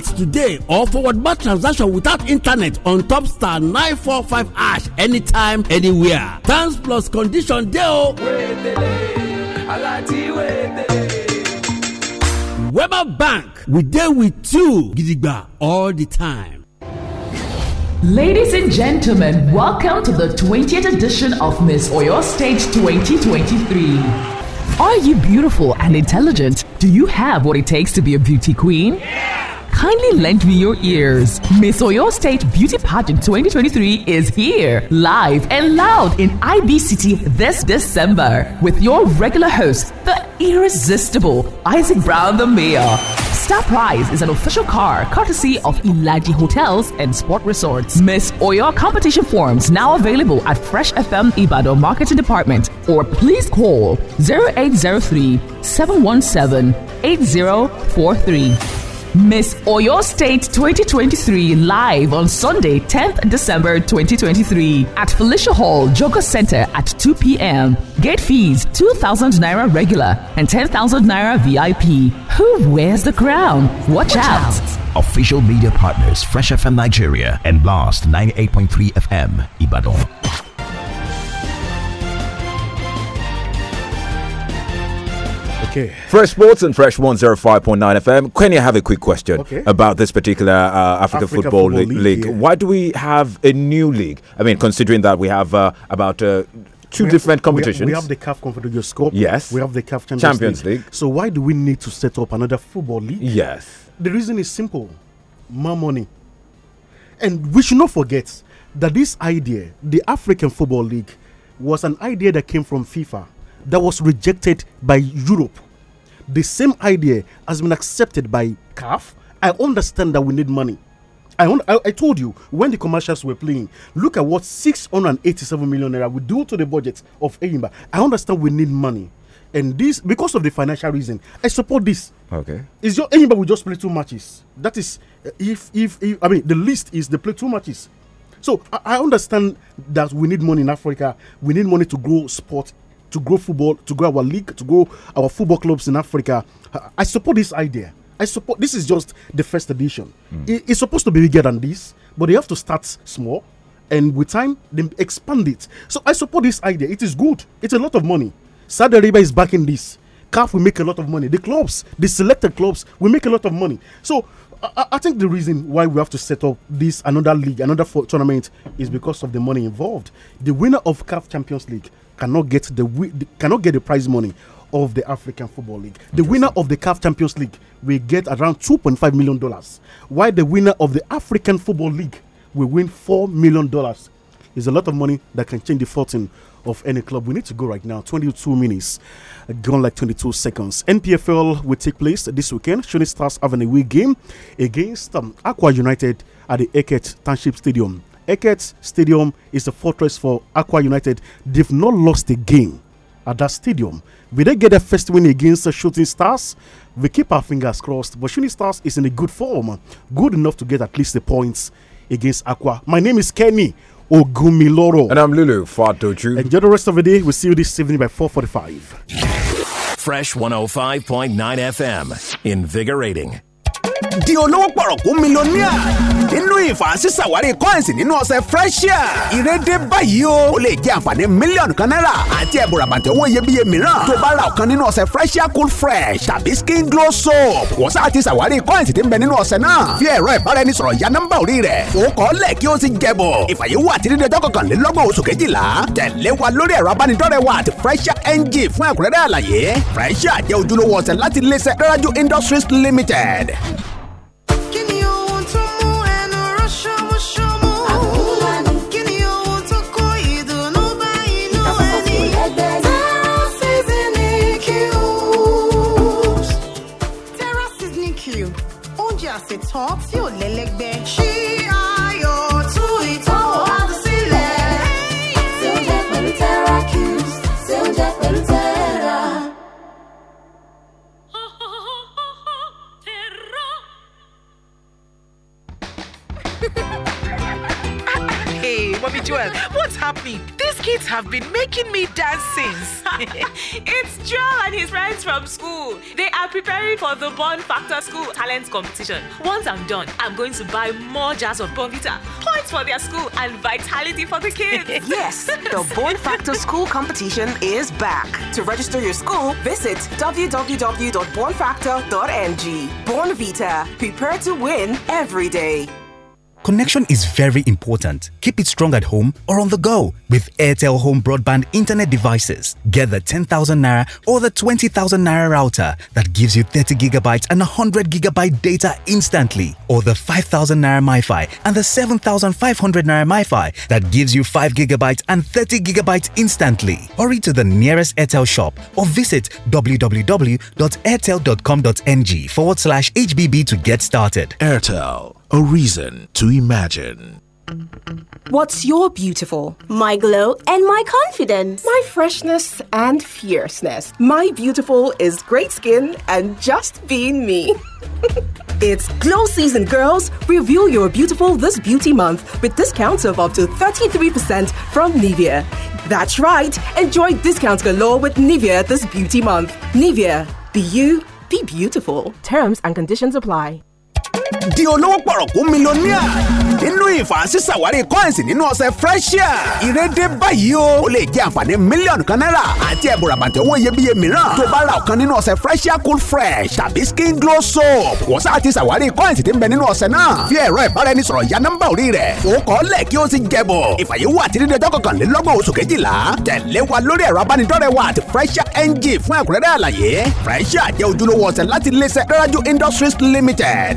today or forward bar transaction without internet on top star 945 ash anytime anywhere thanks plus condition deo weber bank we dey with you gidigba all the time Ladies and gentlemen, welcome to the 20th edition of Miss Oyo State 2023. Are you beautiful and intelligent? Do you have what it takes to be a beauty queen? Yeah! kindly lend me your ears. Miss Oyo State Beauty Pageant 2023 is here, live and loud in IB City this December with your regular host, the irresistible Isaac Brown, the mayor. Star Prize is an official car courtesy of Ilagi Hotels and Sport Resorts. Miss Oyo competition forms now available at Fresh FM Ibado Marketing Department or please call 0803 717 8043. Miss Oyo State 2023 live on Sunday, 10th December 2023 at Felicia Hall, Joker Center at 2 p.m. Gate fees 2,000 naira regular and 10,000 naira VIP. Who wears the crown? Watch, Watch out. out. Official media partners Fresh FM Nigeria and Blast 98.3 FM Ibadan. Okay. Fresh Sports and Fresh 105.9 FM. Quenya, have a quick question okay. about this particular uh, Africa, Africa Football, Football, League. league. Yeah. Why do we have a new league? I mean, considering that we have uh, about uh, two we different have, competitions. We have, the CAF Confederation. Cup. Yes. We have the CAF Champions, Champions league. league. So why do we need to set up another football league? Yes. The reason is simple: more money. And we should not forget that this idea, the African Football League, was an idea that came from FIFA that was rejected by Europe. The same idea has been accepted by CAF. I understand that we need money. I, I, I told you when the commercials were playing, look at what 687 million naira would do to the budget of Eimba. I understand we need money. And this, because of the financial reason, I support this. Okay. Is your Eimba will just play two matches. That is, if, if, if, I mean, the list is they play two matches. So I, I understand that we need money in Africa. We need money to grow sport to grow football, to grow our league, to grow our football clubs in Africa. I support this idea. I support this is just the first edition. Mm. It, it's supposed to be bigger than this, but they have to start small and with time they expand it. So I support this idea. It is good. It's a lot of money. Saudi Arabia is backing this. CAF will make a lot of money. The clubs, the selected clubs, will make a lot of money. So I, I think the reason why we have to set up this another league, another tournament, is because of the money involved. The winner of CAF Champions League cannot get the cannot get the prize money of the African Football League. The winner of the CAF Champions League will get around 2.5 million dollars, while the winner of the African Football League will win 4 million dollars. It's a lot of money that can change the fortune of any club. We need to go right now. 22 minutes, gone like 22 seconds. NPFL will take place this weekend. Shooting Stars have an away game against um, Aqua United at the Eket Township Stadium. Eket Stadium is the fortress for Aqua United. They've not lost a game at that stadium. Will they get their first win against the Shooting Stars? We keep our fingers crossed, but Shooting Stars is in a good form, good enough to get at least the points against Aqua. My name is Kenny Ogumiloro. And I'm Lulu Fatochu. Enjoy the rest of the day. We'll see you this evening by 4.45. Fresh 105.9 FM. Invigorating. di olówó pọ̀rọ̀kú mílíọ̀nìà nínú ìfàṣìṣàwárí coins nínú ọ̀sẹ̀ freshia ìrèdè báyìí o ó lè jẹ́ àǹfààní mílíọ̀nù kan náírà àti ẹ̀bùn ràbàtẹ̀ owó iyebíye mìíràn tó bá ra ọ̀kan nínú ọ̀sẹ̀ freshia cool fresh tàbí skin glow soap wọ́n sá ti ṣàwárí coins tí ń bẹ nínú ọ̀sẹ̀ náà fi ẹ̀rọ ìbáraẹnisọ̀rọ̀ ya nọ́mbà orí rẹ̀ ó kọ́ lẹ̀ kí ó sì jẹ̀bọ̀ ìfàyẹ̀wò àti wa lórí ẹ̀rọ abánidọ́rẹ̀ẹ́ wa àti freshia ng fún ẹ̀kúnrẹ́rẹ́ àlàyé Industries Limited. tán tí ò lẹ́lẹ́gbẹ́. ṣí ayọ̀ tú ìtàn wá sílẹ̀. ṣé ó jẹ́ pẹ̀lú Terra ṣé ó jẹ́ Terra. hey, Mommy Joel, what's happening? These kids have been making me dance since. it's Joel and his friends from school. They I'm preparing for the Born Factor School Talent Competition. Once I'm done, I'm going to buy more jars of Bonvita, points for their school, and vitality for the kids. yes, the Born Factor School Competition is back. To register your school, visit www.bornfactor.ng. Born Vita. Prepare to win every day. Connection is very important. Keep it strong at home or on the go with Airtel Home Broadband Internet devices. Get the 10,000 Naira or the 20,000 Naira router that gives you 30 gigabytes and 100 gigabyte data instantly, or the 5,000 Naira MiFi and the 7,500 Naira MiFi that gives you 5 gigabytes and 30 gigabytes instantly. Hurry to the nearest Airtel shop or visit www.airtel.com.ng forward slash HBB to get started. Airtel a reason to imagine. What's your beautiful? My glow and my confidence. My freshness and fierceness. My beautiful is great skin and just being me. it's glow season, girls. Review your beautiful this beauty month with discounts of up to 33% from Nivea. That's right. Enjoy discounts galore with Nivea this beauty month. Nivea, be you, be beautiful. Terms and conditions apply. di olówó pọ̀rọ̀kú mílíọ̀nìà nínú ìfàṣìṣàwárí coins nínú ọ̀sẹ̀ freshia ìrèdè báyìí o ó lè jẹ́ àǹfààní mílíọ̀nù kan náírà àti ẹ̀bùn ràbàtẹ̀ owó iyebíye mìíràn tó bá ra ọ̀kan nínú ọ̀sẹ̀ freshia cool fresh tàbí skin glow soap wọ́n sá ti ṣàwárí coins tí ń bẹ nínú ọ̀sẹ̀ náà fi ẹ̀rọ ìbáraẹnisọ̀rọ̀ ya nọ́mbà orí rẹ̀ ó kọ́ lẹ̀ kí ó sì jẹ̀bọ̀ ìfàyẹ̀wò àti dídé ọjọ́ kọkànlélọ́gbọ̀n oṣù kejìlá tẹ̀lé wa lórí ẹ̀rọ abánidọ́rẹ̀ẹ́ wa àti freshia ng fún ẹ̀kúnrẹ́rẹ́ àlàyé freshia jẹ́ ojúlówó industries limited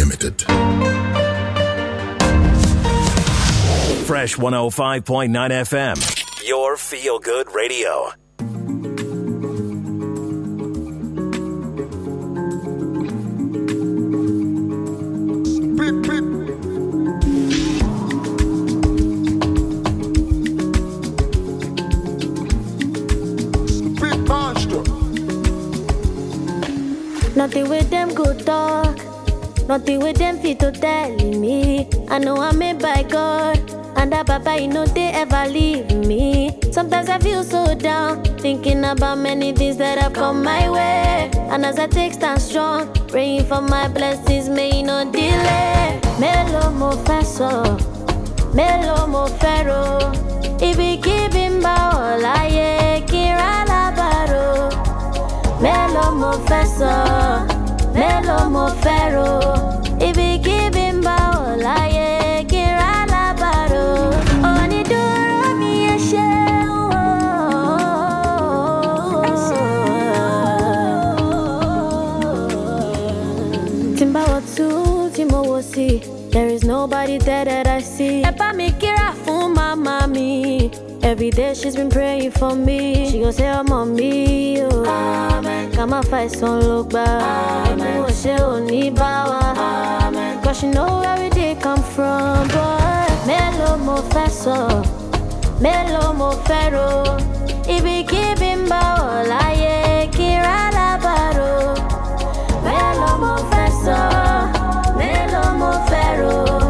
Limited. Fresh 105.9 FM, your feel good radio. Nothing with them good thoughts. nothing with them fit to tell me. I know I'm made by God, and that Papa, you know they ever leave me. Sometimes I feel so down, thinking about many things that have come my way. And as I take stand strong, praying for my blessings may no delay. Melo mo faso, melo mo fẹ́ rò, ibikíbi ń bá ọ̀ láyé kí n mo faso mélòó mo fẹ́ ro ibikíbi ń bá ò láyé kí n rà lábàárò mi ẹ ṣeun o. tí n bá there is nobody there that I see. ẹ mi Every day she's been praying for me. She gon' say I'm on me. Oh. Amen. my fight on look back. Amen. Amen. Amen. Cause she know where we did come from. Boy, Melo mo feso. Melo mo fero. Ibi kibimba ola ye kira la baro. Melo mo feso. Melo mo fero.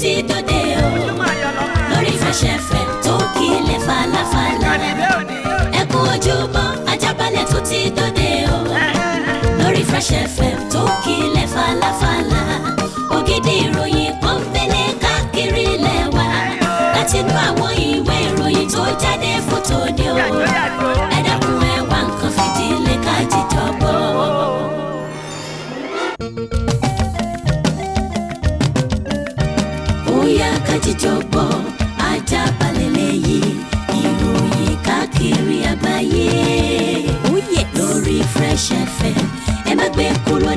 ti dòde o lórí fẹsẹ̀fẹ̀ tó kílẹ̀ falafala ẹ kú ojúmọ́ ajábalẹ̀ tó ti dòde o lórí fẹsẹ̀fẹ̀ tó kílẹ̀ falafala ògidì ìròyìn kan fẹ́lẹ́ káàkiri lẹ́wà látinú àwọn ìwé ìròyìn tó jáde fótó ni o.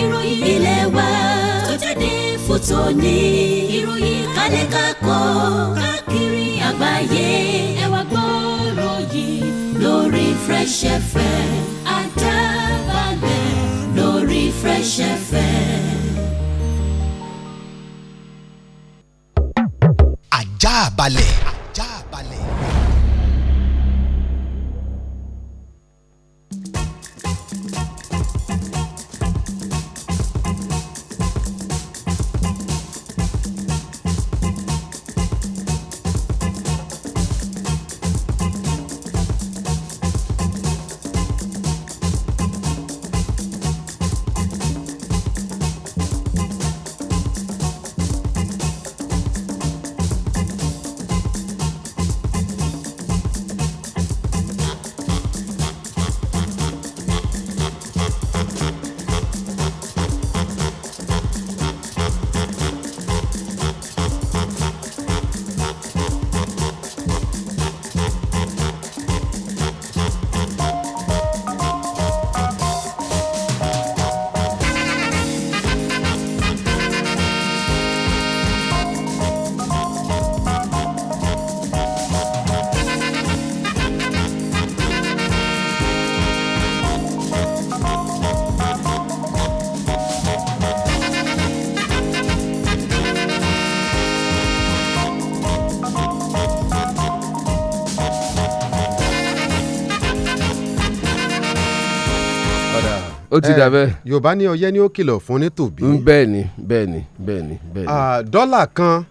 ìròyìn ilé wa tó jáde fún tòní ìròyìn kálẹ̀ kakọ́ káàkiri àgbáyé ẹ wá gbọ́rọ̀ yìí lórí Fresh FM lórí Fresh FM. Ajaabale. ó ti eh, dà bẹ́ẹ̀. yorùbá ní ọyẹ́ ni ó kìlọ̀ fún ní tòbí. Mm, bẹ́ẹ̀ ni bẹ́ẹ̀ ni bẹ́ẹ̀ ni bẹ́ẹ̀ ni. dọ́là kan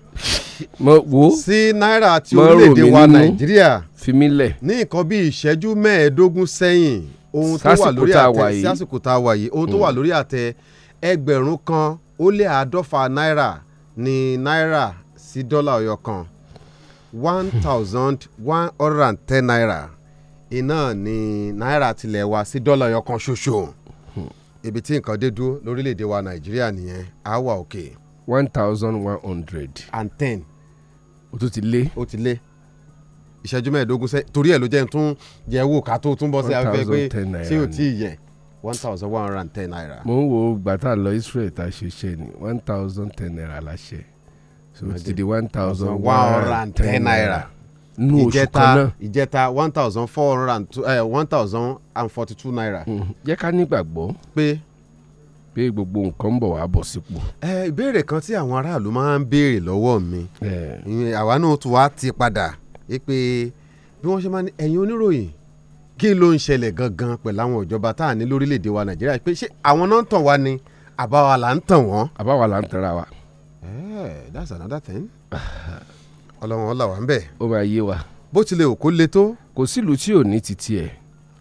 sí náírà ti orílẹ̀-èdè wa nàìjíríà ní nǹkan bíi ìṣẹ́jú mẹ́ẹ̀ẹ́dógún sẹ́yìn ohun tó wà lórí àtẹ sásìkò tá a wà yìí ohun tó mm. wà lórí àtẹ ẹgbẹ̀rún kan ó lé àádọ́fà náírà ní náírà sí dọ́là ọyọ kan one thousand one hundred and ten naira iná ni náírà tilẹ̀ wá sí dọ́là ọyọ kan ṣoṣo ibi tí nǹkan dé dúró lórílẹ̀‐èdè wa nàìjíríà nìyẹn á wà òkè. one thousand one hundred. and ten. o tún ti lé. o ti lé ìṣẹ́jú mẹ́ẹ̀ẹ́dógún sẹ́yìn torí ẹ̀ ló jẹ́ tún yẹ wò ká tó tún bọ́ sí afẹ́fẹ́ pé ṣé o tí yẹ one thousand one hundred and ten naira. mo ń wo gbàtà lọ Israel tá a ṣe ṣe ni one thousand ten naira la ṣe so ti di one thousand one hundred and ten naira nínú oṣù kan náà ìjẹta one thousand four hundred and two eh, one thousand and forty two naira. Hmm, jẹ́ ká nígbàgbọ́ pé pé gbogbo nǹkan ń bọ̀ wá bọ̀ sípò. ẹ eh, ìbéèrè kan tí àwọn aráàlú máa ń béèrè lọ́wọ́ mi eh. àwa náà tún wá ti padà pé bí wọ́n ṣe máa ní ẹ̀yin oníròyìn kí ló ń ṣẹlẹ̀ gangan pẹ̀lú àwọn ìjọba tá à ní lórílẹ̀‐èdè wa nàìjíríà pé ṣé àwọn náà ń tàn wá ni àbáwa là ń tàn wọ́n. àbáwa là ń tanra wa. ẹ that's another thing. ọlọ́run ọ̀la wà ń bẹ̀. ó máa yé wa. bó tilẹ̀ òkó le tó. kò sílùú tí ò ní titi ẹ̀.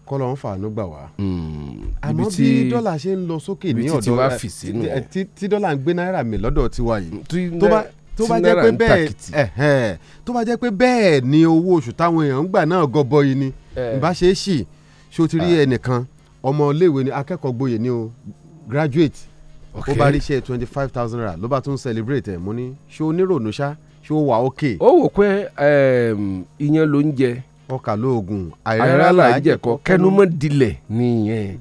kọ́lọ́ ń fàánú gbà wá. Hmm, àmọ́ bí dọ́là ṣe ń lọ sókè ní ọ̀dọ́ tí dọ́là ń gbé náírà mi lọ́dọ̀ tiwa yìí tó bá jẹ́ pé bẹ́ẹ̀ tó bá jẹ́ pé bẹ́ẹ̀ ni owó oṣù táwọn èèyàn ń gbà náà gọbọyì ni ìbáṣeéṣì ṣó ti rí ẹnìkan ọmọ iléèwé ni akẹ́kọ̀ọ́ gboyè ni o graduate ó bá rí iṣẹ́ twenty five thousand naira ló bá tún celebrate ẹ̀ mú ní ṣé oníròònú ṣá ṣé ó wà ókè. ó wò pé ìyẹn ehm, ló ń jẹ. ọkà lóògùn àìrẹ́rẹ́ là á jẹ̀kọ kẹnumọ́ dilẹ̀ nìyẹn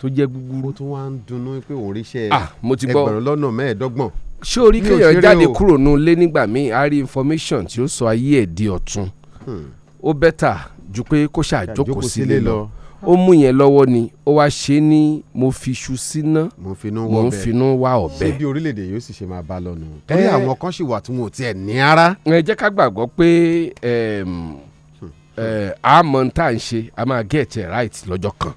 tó jẹ́ gbúgbúrú. ó tún wá ń dunnú pé òun ríṣẹ́ ah, ẹgbẹ̀rún lọ́nà mẹ́ẹ̀ẹ́dọ́gbọ̀n. ṣé orí kéèyàn jáde kúrò nù lé nígbà míì a rí information tí ó sọ ayé ẹ̀ di ọ̀tun hmm. ó bẹ́tà ju pé kó ṣàjókòó sílé lọ ó mú yẹn lọ́wọ́ ni ó wá ṣe ní mo fi iṣu síná mo ń finú wá ọ̀bẹ. ṣé bí orílẹ̀-èdè yóò sì ṣe máa bá lọ nù. torí eh. àwọn kan ṣì wà tí wọn ò tiẹ̀ ní ara. ẹ jẹ́ ká gbàgbọ́ pé àmọ́ hmm. eh, tá à ń ṣe a máa get it right lọ́jọ́ kan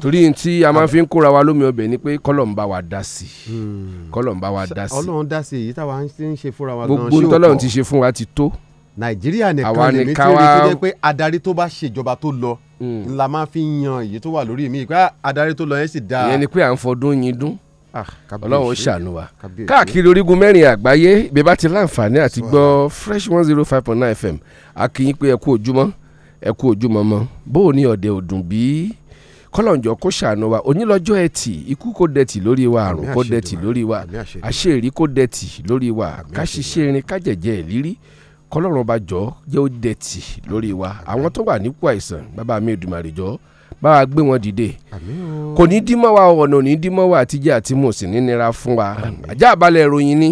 torí tí a máa fi ń kóra wa lómi ọbẹ̀ ni pé kọ́lọ̀n bá wa dá sí i hmm. kọ́lọ̀n bá wa dá sí i. ọlọ́run dá sí èyí táwa ń ṣe fúnra wa gan-an ṣé òkò gbogbo ntọ́lọ́run ti ṣe fún wa ti tó nàìjíríà nìkan lèmi tí wa tó jẹ́ pé adarí tó bá ṣèjọba tó lọ hmm. ńlá máa fi yan èyí tó wà lórí mi pé ah, adarí tó lọ yẹn sì dáa. ìyẹn ni pé à ń fọdún yín dún ah, ọlọ́run ó ṣàánú wa káàkiri orígun mẹ́rin àgbáyé bí bá ti láǹfààní àti gbọ́ fresh one zero five point nine fm a kí yín pé ẹ kú ojúmọ́ ẹ kú ojúmọ́ mọ́ bó o ní ọ̀dẹ̀ òdùn bíi kọlọ̀njọ́ kó ṣàánú wa onílọ́jọ́ ẹtì ikú kó dẹ̀tì lórí wa àrùn kó dẹ̀tì lórí wa àṣírí kó dẹ̀tì lórí wa káṣiṣẹ́ irin kájẹ̀jẹ̀ ìlírí kọ́lọ́run ọba jọ jẹ́ ó dẹ̀tì lórí wa àwọn tó wà nípò àìsàn bàbá mi Èdùmàrè jọ bá wa gbé wọn dìde kò ní dí mọ́ wa ọ̀nà ò ní dí mọ́ wa àtijọ́ àti mò sì ní nira fún wa ajá balẹ̀ ìròyìn ni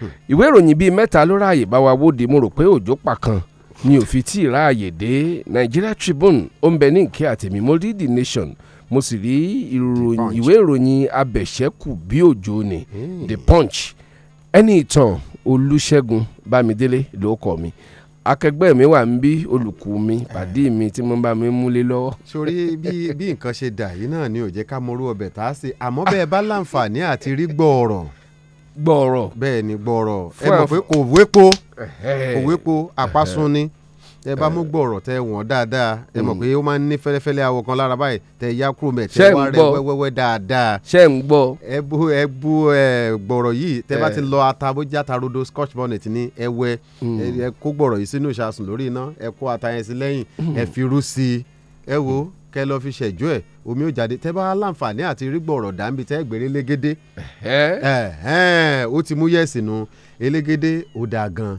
hmm. ìwé ìròyìn bíi mẹ́ta ló ráàyè bá wa wóde mo rò pé òjò pàkan ni ò fi tí ì dé Nigeria Tribune ó ń bẹ ní ìkẹ́ àtẹ̀mí mo rí The Nation mo sì rí ìwé ìròyìn abẹ̀ṣẹ́kù bí òjò ni hmm. The Punch ẹni ìtàn olúṣẹ́gun bámidélé ló kọ mi akẹgbẹ́ mi wà ń bí olùkú mi pàdé mi tí mo bá mi múlé lọ́wọ́. sórí bí bí nǹkan ṣe dà yìí náà ni ò jẹ́ ká morú ọbẹ̀ tá a ṣe àmọ́ bẹ́ẹ̀ bá láǹfààní àti rí gbọ̀ọ̀rọ̀. gbọ̀ọ̀rọ̀. bẹ́ẹ̀ ni gbọ̀ọ̀rọ̀ ẹ mọ̀ pé kò wépo kò wépo àpasùn ni tẹ bá mú gbọ̀rọ̀ tẹ wọ̀n dáadáa ẹ mọ̀ mm. pé ó máa ń ní fẹ́lẹ́fẹ́lẹ́ awọ kan lára báyìí tẹ ya kúrò mẹ́ tẹ wá rẹ wẹ́wẹ́wẹ́ dáadáa. ṣé ń gbọ́. ẹ bú ẹ bú ẹ gbọ̀rọ̀ yìí tẹ bá ti lọ ata bó játa rodo scotch bonnet ní ẹwẹ́ mm. ẹ kó gbọ̀rọ̀ yìí sínú ìṣasùn lórí iná ẹ kó ata yẹn sí lẹ́yìn mm. ẹ fi rú sí i ẹ wo kẹ lọ fi ṣẹjú ẹ omi ó jáde tẹ bá láǹfààní àti rígbọ ọ̀rọ̀ dàbí tẹ gbèrè légédé ó ti mú yẹsì nu elégédé ó dáa gan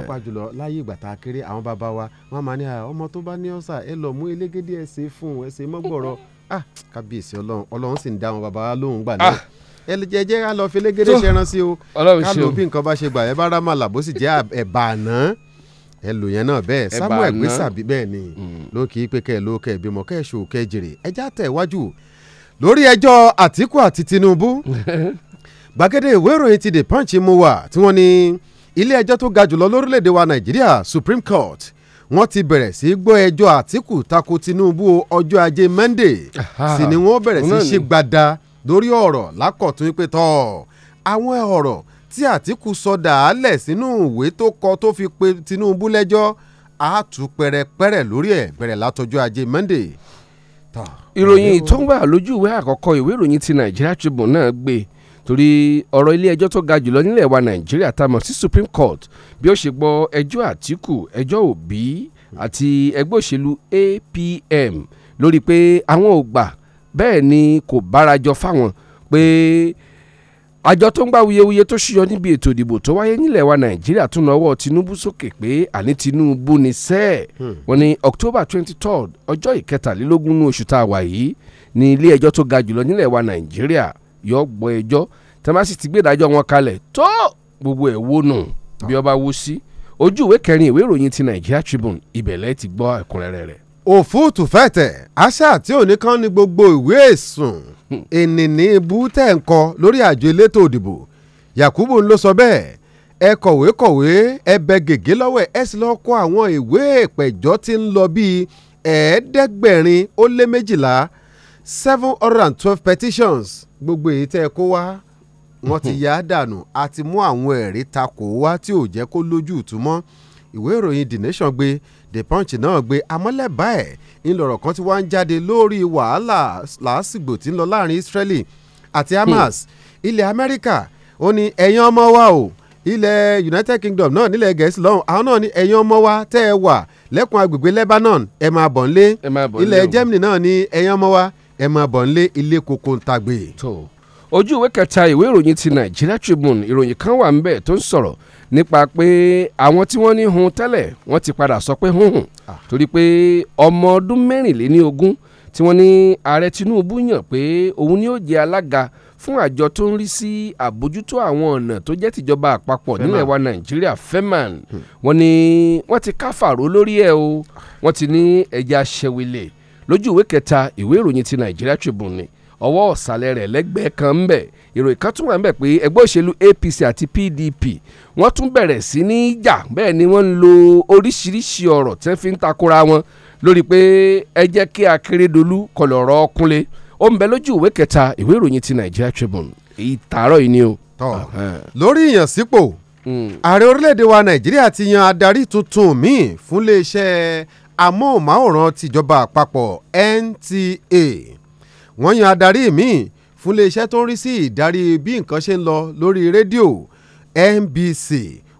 apá jùlọ láyé ìgbà tá a kéré àwọn bàbá wa wọn máa ní ọmọ tó bá ní ọ̀sà ẹ lọ mú elégédé ẹ ṣe fún ẹ ṣe mọgbọrọ ah, kábíyèsí Ọlọ́run Ọlọ́run sì ń dá àwọn bàbá wa lóhùn gbà náà ah. ẹlẹjẹ jẹ ká lọ fi elégédé ṣẹran sí o ká ló nǹkan bá ṣe gbà ẹ bá rámàlà bó sì jẹ ẹ̀bà náà ẹ lò yẹn náà bẹ́ẹ̀ Samuel gbèsàbí bẹ́ẹ̀ ni mm. ló kì í pé kẹ́ ẹ ló kẹ́ ẹ bímọ kẹ́ ẹ ṣò kẹ́ ẹ jèrè ẹjá tẹ̀ wájú lórí ẹjọ́ Àtíkù àti Tinubu gbàgede ìwé ìròyìn ti The Punch mú wá tí wọ́n ní ilé ẹjọ́ tó ga jùlọ lórílẹ̀‐èdè wa Nàìjíríà Supreme Court wọ́n ti bẹ̀rẹ̀ sí gbọ́ ẹjọ́ Àtíkù tako Tinubu ọjọ́ ajé Monday sì ni wọ́n bẹ̀rẹ̀ sí ṣe gbada lórí ọ̀rọ̀ lákọ̀tún pé tọ́ àwọn ọ̀rọ̀ tí Àtìkù sọdà álẹ̀ sínú ìwé tó kọ tó fi pe Tinubu lẹ́jọ́ á tú pẹrẹpẹrẹ lórí ẹ̀ bẹ̀rẹ̀ látọjọ́ ajé Monday. ìròyìn tó ń wà lójú ìwé àkọ́kọ́ ìwé ìròyìn ti Nigeria Tribune náà gbé torí ọ̀rọ̀ ilé ẹjọ́ tó ga jùlọ nílẹ̀ wa Nàìjíríà tá mọ̀ sí Supreme Court bí ó ṣe gbọ́ ẹjọ́ Àtìkù ẹjọ́ Òbí àti ẹgbẹ́ òṣèlú APM lórí pé àwọn ò gbà bẹ́ẹ̀ ni kò bára jọ fáwọn pé. Mm -hmm àjọ tó ń gba wuyewuye tó ṣíyọ níbi ètò ìdìbò tó wáyé nílẹ̀ wa nàìjíríà tún nawọ́ tinubu sókè pé àní tinubu ni sẹ́ẹ̀ hmm. wọ́n ní october twenty third ọjọ́ ìkẹtàlélógún ní oṣù tá a wà yìí ní ilé ẹjọ́ tó ga jùlọ nílẹ̀ wa nàìjíríà yọ gbọ́ ẹjọ́ tẹ́másì ti gbé ìdájọ́ wọn kalẹ̀ tó gbogbo ẹ̀ wó nù bí ọba wó sí ojú ìwé kẹrin ìwé ìròyìn ti nàìjíríà tribune ibẹ̀lẹ̀ ti gbọ́ ẹ̀kúnrẹ́rẹ́ rẹ̀. òfúùtù fẹ́tẹ̀ àṣà àti òní kan ni gbogbo ìwé ẹ̀sùn ènìní bú tẹ̀ ń kọ lórí àjọ elétò òdìbò Yakubu ló sọ bẹ́ẹ̀ ẹ kọ̀wé kọ̀wé ẹ bẹ gègé lọ́wọ́ ẹ sì lọ́ọ́ kọ àwọn ìwé ìpẹ̀jọ́ tí ń lọ bíi ẹ̀ẹ́dẹ́gbẹ̀rin ó lé méjìlá seven hundred and twelve petitions gbogbo èyí tẹ́ ẹ kó wá wọ́n ti yá dànù àti mú àwọn ẹ̀rí takò wá tí ò jẹ́ kó lójú ìtumọ̀ ìwé ìròyìn The Nation gbé the punch náà gbé amọ́lẹ́bá ẹ̀ ńlọrọ̀ kan tí wọ́n ń jáde lórí wàhálà làásìgbò tí ń lọ láàrin Israeli àti Hamas ilẹ̀ Amẹ́ríkà ó ní ẹ̀yin ọmọ wa o ilẹ̀ United Kingdom náà nílẹ̀ gẹ̀ẹ́sì lọ́hùn àwọn náà ní ẹ̀yin ọmọ wa tẹ́ ẹ wà lẹ́kùn agbègbè Lebanon ẹ máa bọ̀ nílé ilẹ̀ Germany náà ní ẹ̀yin ọmọ wa ẹ máa bọ̀ nílé ilé koko ń tagbè. ojú ìwé kẹta ìwé ìròyìn ti Nigeria Tribune ìròyìn kan wà ń bẹ̀ tó ń sọ̀rọ̀ nípa pé àwọn tí wọ́n ní hun tẹ́lẹ̀ wọ́n ti padà sọ pé hun hun torí pé ọmọ ọdún mẹ́rìnléní ogún tí wọ́n ní ààrẹ Tinubu yàn pé òun ni ó jẹ́ alága fún àjọ tó ń rí sí àbójútó àwọn ọ̀nà tó jẹ́ tìjọba àpapọ̀ nílẹ̀ wa Nàìjíríà FEMAN hmm. wọ́n ní wọ́n ti káfàró lórí ẹ̀ o ah. wọ́n ti ní ẹja ṣẹwìlẹ̀ lójú ìwé kẹta ìwé ìròyìn ti Nigeria Tribune ni ọwọ́ ọ̀sàlẹ̀ rẹ̀ lẹ́gbẹ̀ẹ́ kan ń bẹ̀ ìròyìn kan tún wà ń bẹ̀ pé ẹgbẹ́ òṣèlú APC àti PDP wọ́n tún bẹ̀rẹ̀ sí ní jà bẹ́ẹ̀ ni wọ́n ń lo oríṣiríṣi ọ̀rọ̀ tẹ́ fi ń takora wọn lórí pé ẹ jẹ́ kí Akérédolú kọlọ̀rọ̀ ọkúnlé ó ń bẹ lójú ìwé kẹta ìwé ìròyìn ti Nigeria Tribune ìtàárọ̀ yìí ni o. lórí ìyànsípò hmm. ààrẹ orílẹ̀-èdè wa Nàìjíríà ti yan adarí tuntun míì fún iléeṣẹ́ amóhùnmáwòrán tìjọba àpapọ̀ NTA wọ́n yan adarí míì fún iléeṣẹ́ tó ń rí sí ìdarí bí nǹkan ṣe ń lọ lórí rédíò NBC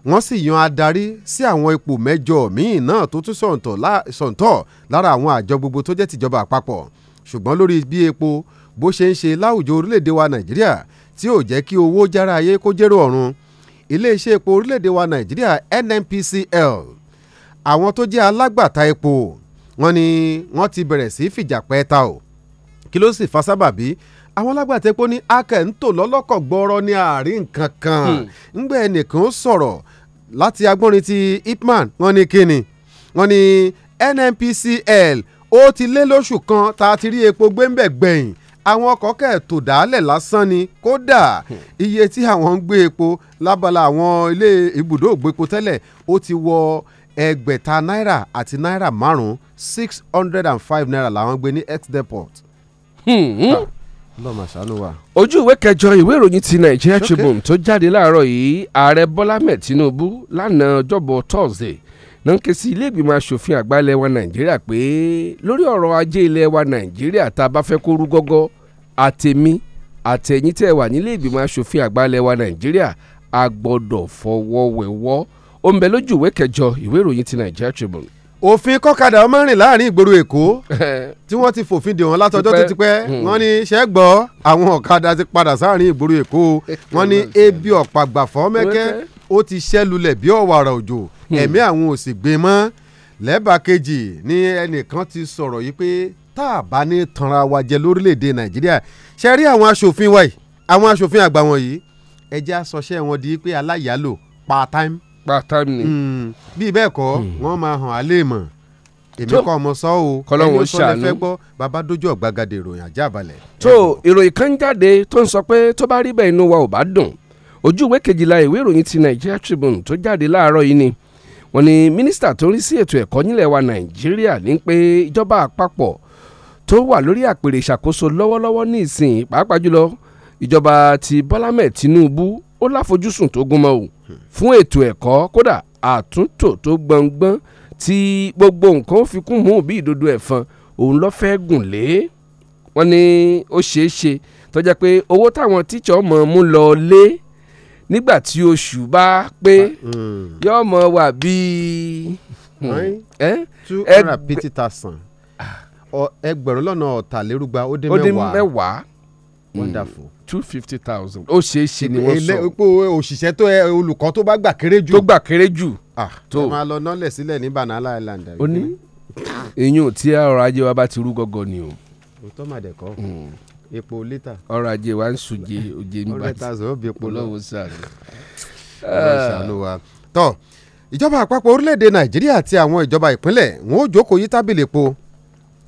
wọ́n sì yan adarí sí àwọn ipò mẹ́jọ míì náà tó tún sọ̀ǹtọ̀ lára àwọn àjọ gbogbo tó jẹ́ tìjọba àpapọ̀ ṣùgbọ́n lórí bí epo bó ṣe ń ṣe láwùjọ orílẹ̀-èdè wa Nàìjíríà tí ò jẹ́ kí owó jára ayé kó jẹ́rò ọ̀run iléeṣẹ́ epo orílẹ̀-èdè wa Nàìjíríà NNPCL àwọn tó jẹ́ alágbàtà epo wọ́n ní wọ́n ti bẹ̀rẹ̀ sí fìjà pẹ́ẹ́ta o kí ló sì fa sábàbí àwọn alágbàtẹ́ pé ní akẹ́ ń tò lọ́lọ́kọ̀ gbọ́rọ́ ní àárín nǹkan ńgbẹ́ hmm. ẹnìkan sọ̀rọ̀ láti agbórin ti ipman wọ́n ní kíni wọ́n ní NNPCL ó ti lé lóṣù kan tá a ti rí epo gbẹ́ńbẹ̀ gbẹ̀yìn àwọn ọkọ̀ kẹ̀ dálẹ̀ lásán ni kódà hmm. iye tí àwọn ń gbé epo lábala àwọn ilé ibùdó ògbépo tẹ́lẹ̀ ó ti wọ ẹgbẹ̀ta náírà àti náírà márùn-ún six hundred and five naira làwọn gbé ní ex-depot Hmm. ojú ìwé kẹjọ ìwé ìròyìn ti Nigeria Tribune tó jáde láàárọ̀ yìí ààrẹ Bọ́lá mẹ́ẹ̀ Tinubu lánàá ọjọ́bọ̀ Thursday náà ké sí ilé ìgbìmọ̀ asòfin àgbà ilẹ̀ wa Nàìjíríà pé lórí ọ̀rọ̀ ajé ilẹ̀ wa Nàìjíríà tá a bá fẹ́ kó rú gọ́gọ́ àtẹ̀mí àtẹ̀yìn tẹ̀ wà nílé ìgbìmọ̀ asòfin àgbà ilẹ̀ wa Nàìjíríà a gbọ́dọ̀ fọwọ́ wẹ̀wọ́ ó lójú ìwé kẹjọ ìwé ìròyìn ti Nigeria Tribune òfin kọ́kadà ọmọ rìn láàrin ìgboro èkó tí wọ́n ti fòfin dè wọ́n látọjọ́ tó ti pẹ́ hmm. wọ́n ní iṣẹ́ gbọ́ àwọn ọ̀kadà ti padà sáàrin ìgboro èkó wọ́n ní ebi ọ̀pá gbàfọ́ mẹ́kẹ́ ó ti ṣẹ́ lulẹ̀ bí ọ̀wàrà òjò hmm. ẹ̀mí àwọn ò gbé mọ́ lẹ́bàá kejì ni ẹnìkan ti sọ̀rọ̀ yìí pé tá a bá ní tanra wa jẹ lórílẹ̀‐èdè nàìjíríà ṣe rí àwọn aṣòfin wa yìí àwọn aṣòfin àgbà wọn yìí ẹjẹ́ wọn di pé aláyàálò part time part time ni. Hmm. bí bẹ́ẹ̀ kọ́ hmm. wọ́n máa hàn á lè mọ̀ èmi kọ́ ọmọ sọ o kọlọ́wọ́ ṣàánú ẹni fẹ́ gbọ́ bàbá dojú ọ̀gbagadè ìròyìn ajá balẹ̀. tó ìròyìn kan jáde tó ń sọ pé tó bá rí bẹ́ẹ̀ inú wa ò bá dùn ojú kejìlá ìwé ìròyìn ti Nigeria Tribune tó jáde láàárọ̀ yìí ni wọ́n ní mínísítà tó ń rí sí ètò ẹ̀kọ́ nílẹ̀ wa Nàìjíríà ní pé ìjọba àpapọ̀ tó wà lórí àpèrè ìṣàkóso lọ́wọ́lọ́wọ́ ní ìsìn pàápàá jùlọ ìjọba ti Bọ́lá Ahmed Tinubu ó láfojúsùn tó gúnmọ́ o fún ètò ẹ̀kọ́ kódà àtúntò tó gbọ̀ngbọ́n tí gbogbo nǹkan fi kún mú bí ìdodo ẹ̀fọn òun ló fẹ́ gùn lé wọ́n ní ó ṣeé ṣe tó pé owó táwọn tíṣà ọmọ mú lọ lé nígbà tí oṣù bá pé hmm. yóò mọ wà bíi. Hmm, two hundred and fifty thousand ẹgbẹ̀rún lọ́nà ọ̀tàlérúgba ó dé mẹ́wàá wonderful two fifty thousand. ó ṣeé ṣe ni wọ́n sọ. pé òṣìṣẹ́ tó ẹ olùkọ́ tó bá gbà kéré jù. tó gbà kéré jù. Ah, tó ẹ máa lọ nọ́lẹ̀ sílẹ̀ ní Banana Island. ó ní ìyún tí ọrọ̀ ajé wa bá ti rú gọ́gọ́ ni o. òótọ́ màdẹ̀ kọ́ hmm. epo lítà. ọrọ̀ ajé wa ń sùnjẹ òjè ń bá ti. ọrẹ́ ta sọ̀rọ̀ bí epo lọ́wọ́ sàn. Ah. tọ́ ìjọba àpapọ̀ orílẹ̀-èdè Nàìjíríà àti àwọn ìjọba ìpínlẹ̀ wọn ó jókòó yí tábìlì epo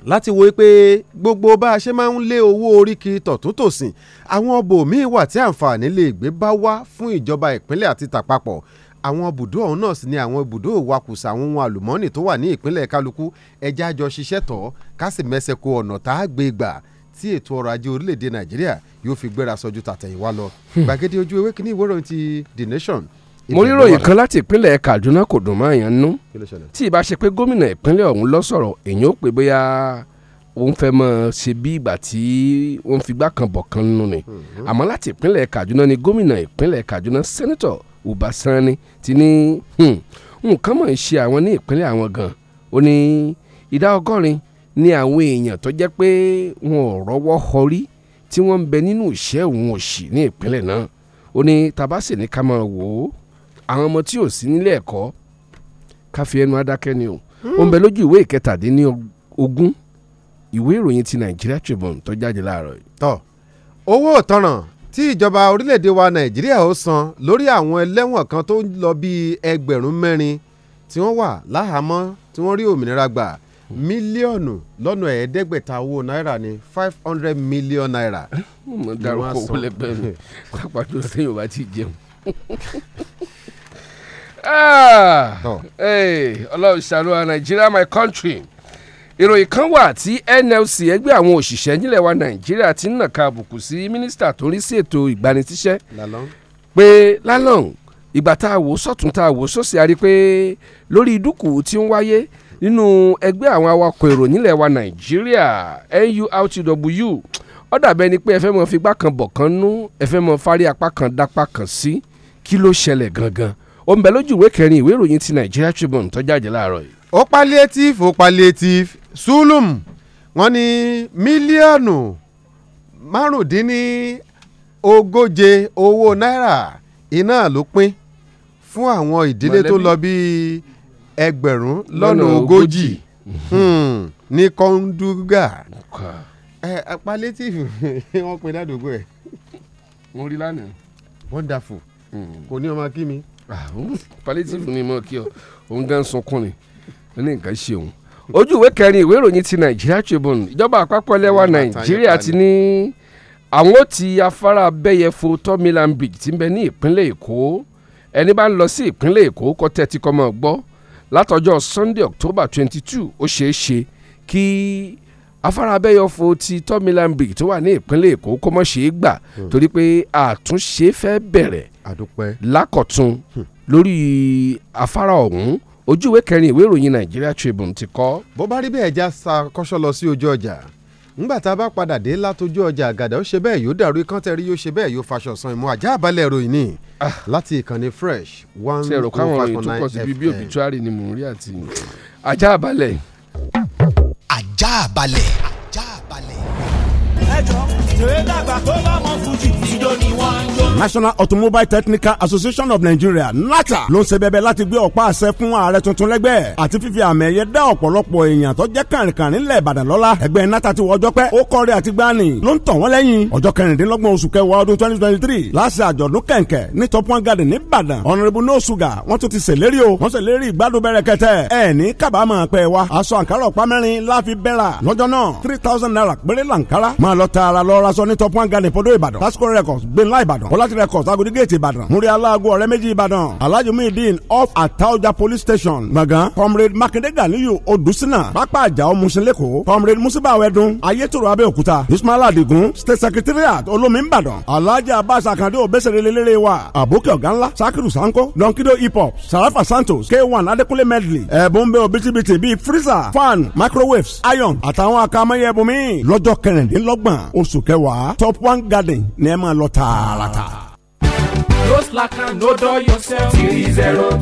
láti wo pé gbogbo bá a ṣe máa ń lé owó orí kiri tọ̀tún tòsìn àwọn bòmíì wà tí àǹfààní lè gbé bá wá fún ìjọba ìpínlẹ̀ àti tàpapọ̀ àwọn ibùdó ọ̀hún náà sì ni àwọn ibùdó ìwakùsà àwọn ohun àlùmọ́ọ́nì tó wà ní ìpínlẹ̀ kálukú ẹja àjọ ṣiṣẹ́ tọ̀ ká sì mẹ́sẹ̀kọ ọ̀nà tá a gbé gbà tí ètò ọrọ̀ ajé orílẹ̀-èdè nàìjíríà yóò fi gbéra sọjú tàtẹ̀yìnwá lọ. Hmm. gbàgede ojú ewé kínní ìwé ìròyìn ti The Nation mo rí ròyìn kan láti ìpínlẹ̀ Kaduna kò dùn mọ́ èèyàn nú tí ìbá ṣe pé gómìnà ìpínlẹ̀ ọ̀hún lọ sọ̀rọ̀ èèyàn ó pè bóyá òun fẹ́ mọ̀ ṣe bí ìgbà tí wọ́n fi gbá kan bọ̀ kan nù ni mhm. àmọ́ láti ìpínlẹ̀ Kaduna ni gómìnà ìpínlẹ̀ Kaduna sẹ́nitọ̀ Uba Sani ti ní hmm, nǹkan mọ̀ ń ṣe àwọn ní ìpínlẹ̀ àwọn gan ó ní ìdá ọgọ́rin ni àwọn èèyàn tó jẹ́ pé wọn ò rọ́wọ́ họrí tí wọ́n ń bẹ nínú ìṣẹ́ òun òṣì ní ìpínlẹ̀ náà ó ní tabasi ní ká máa wò ó àwọn ọmọ tí ò sí nílé ẹ̀kọ́ ká fi ẹnu adákẹ́ ni o ó ń bẹ lójú ìwé ìkẹtàdínní ogún ìwé ìròyìn ti Nigeria Tribune tó jáde láàárọ̀ yìí. tọ owó ọ̀tọ̀ràn tí ìjọba orílẹ̀-èdè wa nàìjíríà ó san lórí àwọn ẹlẹ́wọ̀n kan tó ń lọ bíi ẹgbẹ̀rún mẹ́rin tí wọ́n wà láhàámọ́ tí wọ́n rí òmìnira gbà mílíọ̀nù lọ́nà ẹ̀ẹ́dẹ́gbẹ̀ta owó náírà ni five hundred million naira. mo dárúkọ owó lẹgbẹ́ mi pápá tó sẹ́yìn ò bá ti jẹun. Ah! ọlọ́run ṣàánú wa nàìjíríà my country ìròyìn kan wà tí NLC ẹgbẹ́ àwọn òṣìṣẹ́ nílẹ̀ wa nàìjíríà ti ń nàka àbùkù sí mínísítà tó ń rí sí ètò ìgbanisíṣẹ́ pé lálọ́n ìgbà tá a wò sọ́tún tá a wò sósì a rí i pé lórí ìdúkù tí ń wáyé nínú ẹgbẹ́ àwọn awakọ̀ èrò nílẹ̀ wa nàìjíríà NURTW ó dàbẹ́ ni pé ẹ fẹ́ mọ figbá kan bọ̀ kan nú ẹ fẹ́ fárí apá kan dápá kan sí kí ló ṣẹlẹ̀ gangan ó ń bẹ lójú ìwé kẹrin ìwé ìròyìn ti Nigeria Tribune tó jáde láàárọ̀ yìí. ó palliative ó palliative sulum wọ́n ní mílíọ̀nù márùndínlógóje owó náírà iná ló pín fún àwọn ìdílé tó lọ bíi ẹgbẹ̀rún lọ́nà ogójì hmm, ní kọ́ńdúgà palliative wọ́n pe ládùúgbò ẹ̀. mo rí lánàá. wonderful hmm. kò ní ọmọ kí mi palliative ni mo kí ọ òun gan sunkún ni ó ní nǹkan ṣe òun ojú ìwé kẹrin ìwé ìròyìn ti Nigeria Tribune ìjọba àpapọ̀ lẹ́wà Nàìjíríà ti ní àwọn ó ti afárá abẹ́yẹfo tọ́milan bridge ti ń bẹ ní ìpínlẹ̀ Èkó ẹni bá ń lọ sí ìpínlẹ̀ Èkó kọ́ tẹ́tí kọ́ mọ́ gbọ́ látọjọ́ Sunday October twenty two ó ṣeé ṣe kí afárá abẹ́yẹfo ti tọ́milan bridge tó wà ní ìpínlẹ̀ Èkó kó mọ́ ṣe é gbà hmm. torí pé àtúnṣe fẹ́ bẹ̀rẹ̀ lákọ̀tún hmm. lórí afárá ọ̀hún ojú ìwé kẹrin ìwé ìròyìn Nigeria Tribune ti kọ. bó bá rí bẹ́ẹ̀ já sa kọ́ṣọ́ lọ sí ojú ọjà ńgbà tá a bá padà dé látojú ọjà àgàdà ó ṣe bẹ́ẹ̀ yóò dàrú ikán tẹ̀rí yóò ṣe bẹ́ẹ̀ yóò faṣọ san ìmú ajá àbálẹ̀ ìròyìn ni ah. láti ìkànnì fresh one two oh five nine fm. ṣe èrò káwọn ìròyìn síbi bí obituary ni mò National Automobile Technical Association of Nigeria NATA ló ń ṣe bẹ̀bẹ̀ láti gbé ọ̀pá àṣẹ fún ààrẹ tuntun lẹ́gbẹ́ àti fífi àmì ẹ̀yẹ dá ọ̀pọ̀lọpọ̀ èèyàn tó jẹ́ kàrìnkàrìn lẹ̀ Ìbàdàn lọ́lá ẹgbẹ́ NATA ti wọ ọjọ́ pẹ́ ó kọ́rẹ́ àti gbani ló ń tàn wọ́n lẹ́yìn ọjọ́ kẹrìndínlọ́gbọ̀n oṣù kẹwàá ọdún twenty twenty three láṣẹ àjọ̀dún kẹ̀kẹ́ ní top one garden ní Ìbàdàn Honourable No Sugar wọ́n tún ti ṣèlérí o wọ́n ṣèlérí ìgbádùn bẹ̀rẹ̀ kẹtẹ ẹ̀ ní kábàámọ̀ pẹ́ wa aṣọ àǹkárá ọ̀pá mẹ́rin láfi bẹ́ra lọ́jọ́ náà three thousand naira péré làǹkárá máa lọ tààrà lọ raṣọ ní top one garden podo Ìbàdàn Tasco Records gbẹ̀ńlá Ìbàdàn bọ́lá Art Records Agodi Gate Ìbàdàn múrí aláàgọ́ ọ̀rẹ́ méjì Ìbàdàn Alhaji Muhyiddin off Ataoja police station gbọ̀ngàn Comrade Makinde Ganiyu Odusina pápá àjà ọmọọṣẹ́ lẹ́kọ̀ọ́ Comrade Musiba Awẹ́dun Ayétòrò Abẹ́òkúta Ismail Adigun State Secretariat Olómi Ìbàdàn Alhaji Abbas Akande Obesere lelere wa Aboki Ọ̀gánlá Sakiru Sanko Donkido Hip Hop Sarafa Santos K1 Adekunle Medley ẹ̀bùn bẹ́ẹ̀ òbítíbitì bíi freezer fan microwaves iron àtàwọn akamẹ́yẹ ẹ̀bùn míì lọ́jọ́ kẹrìndínlọ́gbọ̀n oṣù kẹwàá Top One Garden ní ẹ máa lọ tààràtà. No slack and no dull yourself. Three zero two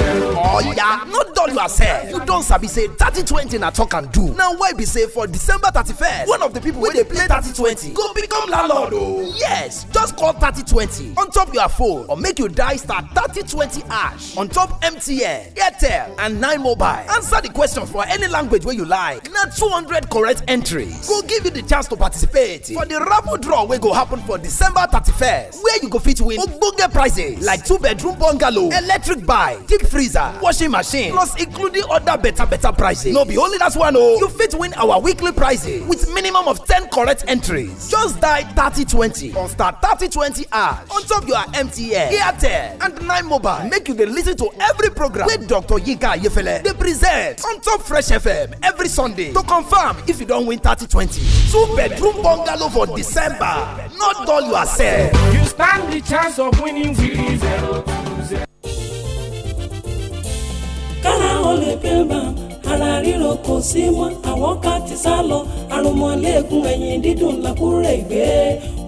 zero. Oh yeah, no dull yourself. You don sabi say thirty twenty na talk and do. Now why be say for December thirty first, one of the people wey dey play thirty twenty go become landlord o. Oh. Yes, just call thirty twenty on top your phone or make you die star thirty twenty ash on top MTN, Airtel and Nine Mobile. Answer the question for any language wey you like. Na two hundred correct entries go give you the chance to participate for the raffle draw wey go happen for December thirty first, where you go fit win ogbonge affordable prices like two bedroom bungalow, electric bike, deep freezer, washing machine, plus including other better better prices. No be only that one oh, you fit win our weekly prizes with minimum of ten correct entries. Just die thirty twenty on star thirty twenty ash on top your MTN, Airtel and Nine Mobile. Make you dey lis ten to every program wey Dr. Yinka Ayefele dey present on top Fresh FM every Sunday to confirm if you don win thirty twenty. Two bedroom bungalow for December. Not dull yourself. You stand the chance of winning with zero to 0. kára ó lè pé bàm ara ríro kò sí mọ́ àwọn ká ti sá lọ àròmọ́ lẹ́ẹ̀kún ẹ̀yìn dídùn làkúrẹ́ ìgbé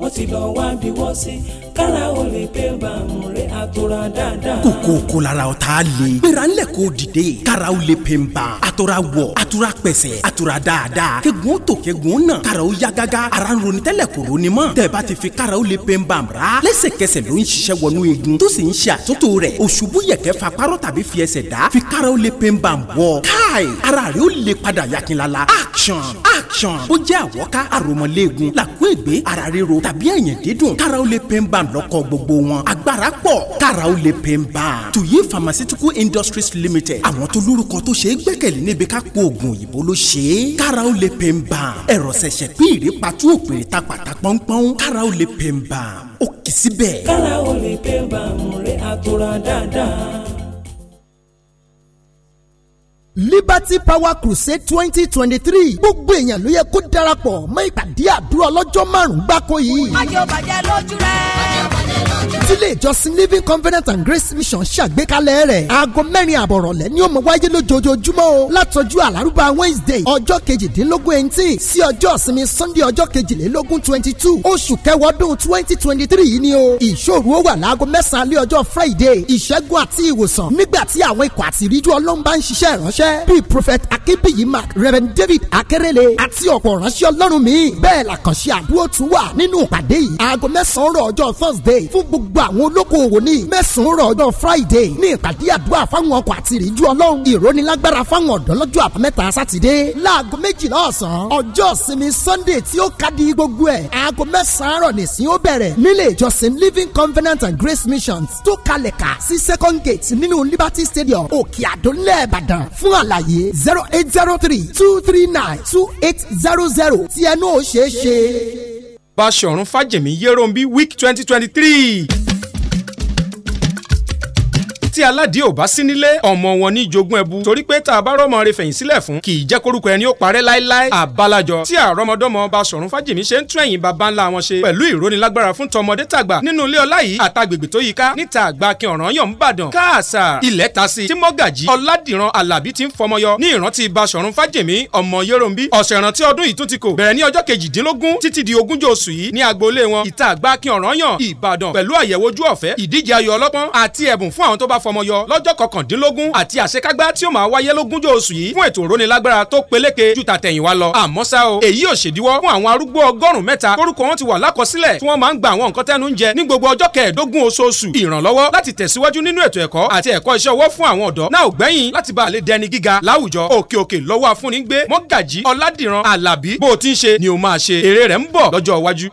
wọ́n ti lọ́ọ́ wá bí wọ́n sí kára o lè pé bàmù rẹ̀ àtòrà dáadáa. kòkó kò lára o t'a le. gbéra ńlẹ̀ k'o dìde. kára o lè pè ń ban. àtòrà wọ̀ àtòrà pẹ̀sẹ̀ àtòrà dáadáa. kegun tó kegun nà. kára ya gágá. ara ń ronú tẹ́lẹ̀ kò ronú mọ́. tẹ̀bá ti fi kára o lè pè ń ban ra. lẹ́sẹ̀kẹsẹ̀ ló ń ṣiṣẹ́ wọnú igun. tó sì ń ṣe àtúntò rẹ̀. òṣùbù yẹ̀kẹ́ fa párọ̀ tàbí fi ẹsẹ̀ dá. fi kára o lè pè ń ban bọ̀. ara rẹ̀ ó lè padà yakinlala. action action. ó jẹ́ àwọ̀ká àròmọ̀lẹ́gun làkún ìgbé ara ríro tàbí ẹ̀yìn dídùn. kára o lè lọ́kọ̀ gbogbo wọn agbára pọ̀ kára ó lè pè ń bá a. tuyi pharmaceutical industries limited àwọn tó lórúkọ tó ṣe é gbẹ́kẹ̀lé níbi ká kó oògùn òyìnbó ló ṣe é kára ó lè pè ń bá a. ẹ̀rọ ṣẹ̀ṣẹ̀ pín ìrèpàtú òpèrè ta pàtà pọ́npọ́n kára ó lè pè ń bá a. ó kì í síbẹ̀. kára ó lè pè ń bá a mú rẹ̀ àtúrà dáadáa. Liberty Power Crusade twenty twenty three gbogbo èèyàn ló yẹ kó darapọ̀ mọ́ ìpàdé àdúrà ọlọ́jọ́ márùn-ún gbáko yìí. má jẹ́ lójú rẹ̀ tílé ìjọsìn living covenant and grace mission ṣàgbékalẹ̀ rẹ̀ aago mẹ́rin àbọ̀rọ̀lẹ́ ni ó máa wáyé lójoojúmọ́ o látọjú àlárúbá wednesday ọjọ́ kejìdínlógún eighteen sí ọjọ́ ìsinmi sunday ọjọ́ kejìlélógún twenty two oṣù kẹwọ́dún twenty twenty three yìí ni o ìṣòro ó wà láago mẹ́sàn-án lé ọjọ́ friday ìṣẹ́gun àti ìwòsàn nígbà tí àwọn ikọ̀ àti ìríjú ọlọ́run bá ń ṣiṣẹ́ ìránṣẹ́ bíi prophet akínbíyì mark reverend david akérèlé àti ọ̀pọ̀ ìránṣẹ́ ọlọ́run míì bẹ́ẹ̀ làkànṣe àdúró tún wà nínú ìpàdé yìí aago mẹ́sàn-án rọ̀ ọjọ́ thursday yìí fún gbogbo àwọn olókoòwò ní mẹ́sàn-án rọ̀ friday ní ìpàdé àdúrà fáwọn ọkọ̀ àti ìrìnjú ọlọ́run ìrónilágbára fáwọn ọ̀dọ́ lọ́jọ́ àbámẹ́ta sátidé láago méjìlá ọ̀sán ọjọ́ ìsinmi sunday tí ó kádìí gbogbo ẹ̀ aago mẹ́sàn-án rọ̀ nìsín ó bẹ̀rẹ̀ nílé ìjọsìn living covenant and grace missions tó kalẹ̀ ká sí second gate nínú liberty stadium òkè àdó ńlẹ̀ ìbàdàn fún àlàyé zero eight zero three two three nine two eight zero zero tí ẹnu ò ṣeé ṣe. Báṣọ̀run Fájèmí Yéròmbí week twenty twenty three tí aládìí ò bá sí nílé ọmọ wọn ní jogún ẹbu torí pé tá a bá rọmọ rẹ fẹ̀yìn sílẹ̀ fún kì í jẹ́ korúkọ ẹni ó parẹ́ láéláé àbálàjọ tí àrọmọdọ́mọ bá sọ̀rùn fájìmí ṣe ń tún ẹ̀yìn bàbá ńlá wọn ṣe pẹ̀lú ìrónilágbára fún tọmọdé tàgbà nínú ilé ọlá yìí àtàgbègbè tó yíká níta àgbà kí ọ̀ràn yàn ń bàdàn káàsà ilẹ̀ ta sí tí mọ́gàjì ọ̀làdìran alábí ti ń fọmọyọ ní ìrántí basọ̀run fájèmí ọmọ yéròmbí ọ̀sẹ̀ ìrántí ọdún yìí tún ti kò bẹ̀rẹ̀ ní ọjọ́ kejìdínlógún títí di ogúnjọ́ oṣù fọmọyọ lọ́jọ́ kọkàndínlógún àti àṣekágbá tí ó máa wáyé lógúnjọ́ oṣù yìí fún ètò ìrónilágbára tó peléke ju tàtẹ̀yìnwá lọ. àmọ́ ṣá o èyí ò ṣèdíwọ́ fún àwọn arúgbó ọgọ́rùn-ún mẹ́ta tórúkọ wọn ti wà lákọsílẹ̀ tí wọ́n máa ń gba àwọn nǹkan tẹ́nu ń jẹ ní gbogbo ọjọ́ kẹẹ̀ẹ́dógún oṣooṣù. ìrànlọ́wọ́ láti tẹ̀síwájú nínú ètò ẹ̀kọ́ àti ẹ̀kọ́ iṣẹ́ ọwọ́ fún àwọn ọ̀dọ́ náà gbẹ́yìn láti bá a lè dẹni gíga láwùjọ òkè òkè lọ́wọ́ afúnigbé mọ́gàjí ọ̀làdìran alábí bó o ti ń ṣe ni o máa ṣe èrè rẹ̀ ń bọ̀ lọ́jọ́ iwájú.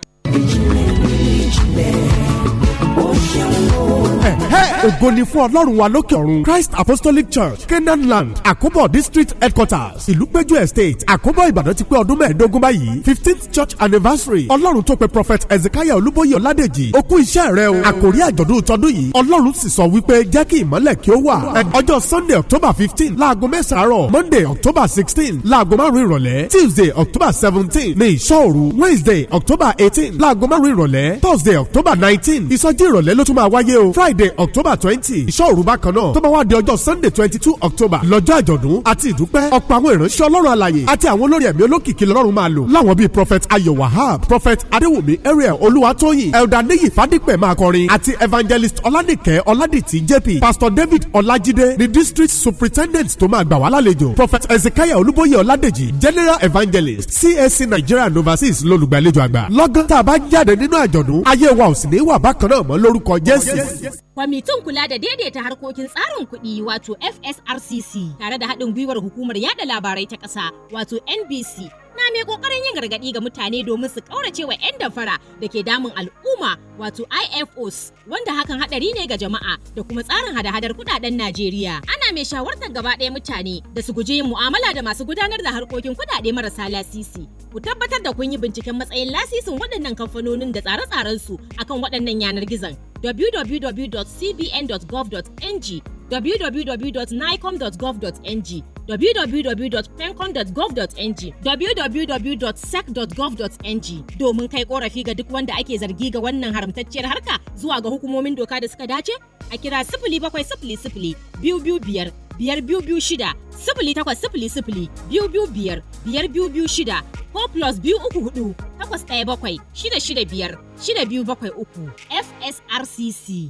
hey ògo ni fún ọlọ́run wa lókè ọ̀run christ apostolic church canaan land àkóbọ̀ district headquarters ìlúpéjú estate àkóbọ̀ ìbàdàn ti pé ọdún mẹ́ẹ̀ẹ́dógún báyìí fifteenth church anniversary ọlọ́run tó pe prophet ezekiah olúbóyè ọládèjì ó kú iṣẹ́ rẹ o àkòrí àjọ̀dún tọdún yìí ọlọ́run sì sọ wípé jẹ́ kí ìmọ́lẹ̀ kí ó wà ọjọ́ sunday october fifteen láago mẹ́sàn-án àárọ̀ monday october sixteen láago márùn-ún ìrọ̀lẹ́ tuesday october seventeen ní ìṣọ́òru wednesday october eighteen láago márùn-ún ìrọ̀lẹ́ thursday october nineteen ìsọjí ìrọ̀lẹ́ ló tún máa wáyé o friday october december twenty ìṣọ́òru bákan náà tó bá wá di ọjọ́ sunday twenty two october lọ́jọ́ àjọ̀dún àti ìdúpẹ́ ọ̀pọ̀ àwọn ìránṣẹ́ ọlọ́run alàyè àti àwọn olórí ẹ̀mí olókìkí lọ́rùn máa lò láwọn bíi prophet ayo wahab prophet adéwùmí ariel olúwatóyìn elder níyì fádípẹ̀ máa kọrin àti evangelist ọládìkẹ́ ọládìtì jp pastor david ọlájídé The district superintendent tó máa gbà wá lálejò prophet ezekiah olúbóyè ọládèjì general evangelist csc nigeria novasis lólùgbàlejò àgbà lọ́gán tá a bá jáde nínú àjọ̀dún ayé wa ò sì ní wà bákan náà mọ́ lórúkọ jésù. Kwamitin kula da daidaita harkokin tsarin kuɗi wato FSRCC tare da haɗin gwiwar hukumar yada labarai ta ƙasa wato NBC yana mai kokarin yin gargadi ga mutane domin su ƙaurace wa 'yan damfara da ke damun al'umma wato IFOs wanda hakan hadari ne ga jama'a da kuma tsarin hada-hadar kudaden Najeriya. Ana mai shawartar gaba ɗaya mutane da su guji yin mu'amala da masu gudanar da harkokin kudade marasa lasisi. Ku tabbatar da kun yi binciken matsayin lasisin waɗannan kamfanonin da tsare-tsarensu akan waɗannan yanar gizon www.cbn.gov.ng www.nicom.gov.ng www.pencom.gov.ng www.sec.gov.ng domin kai korafi ga duk wanda ake zargi ga wannan haramtacciyar harka zuwa ga hukumomin doka da suka dace a kira sifili bakwai sifili sifili biyu biyu biyar biyar biyu biyu shida sifili takwas sifili sifili biyu biyu biyar biyar biyu biyu shida ko plus biyu uku hudu takwas ɗaya bakwai shida shida biyar shida biyu bakwai uku FSRCC.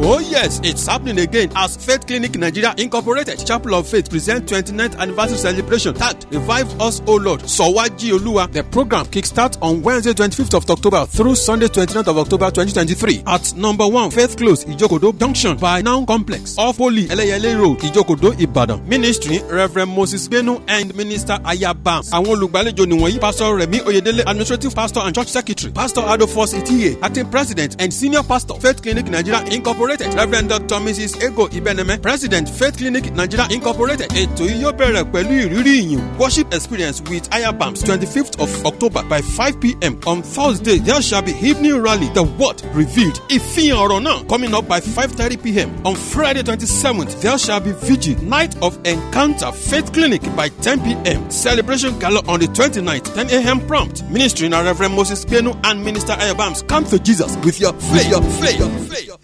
Oh yes, it's happening again as Faith Clinic Nigeria Incorporated Chapel of Faith presents 29th anniversary celebration That Revive Us O Lord Sowaji Oluwa. The program kickstarts on Wednesday 25th of October through Sunday 29th of October 2023 at number one, Faith Close Ijokodo Junction by now Complex off Holy Eleyele Road Ijokodo Ibadan. Ministry Reverend Moses Benu and Minister Ayabam. Àwọn olùgbàlejò nìwọ̀nyí Pastor Remi Oyedele Administrative Pastor and Church Secretary Pastor Adofos Etiye Acting President and Senior Pastor Faith Clinic Nigeria Incorporated incorporated reverend dr mrs ego ibeneme president faith clinic nigeria incorporated ètò yìí yóò bẹ̀rẹ̀ pẹ̀lú ìrírí ìyìn worship experience with ayabams twenty fifth of october by five pm on thursday there shall be evening rally the word revealed ìfihàn ọ̀rọ̀ náà coming up by five thirty pm on friday twenty seventh there shall be vigil night of encounter faith clinic by ten pm celebration gala on the twenty ninth ten am prompt ministry na reverend moses gbenu and minister ayabams come to jesus with your flail your flail your flail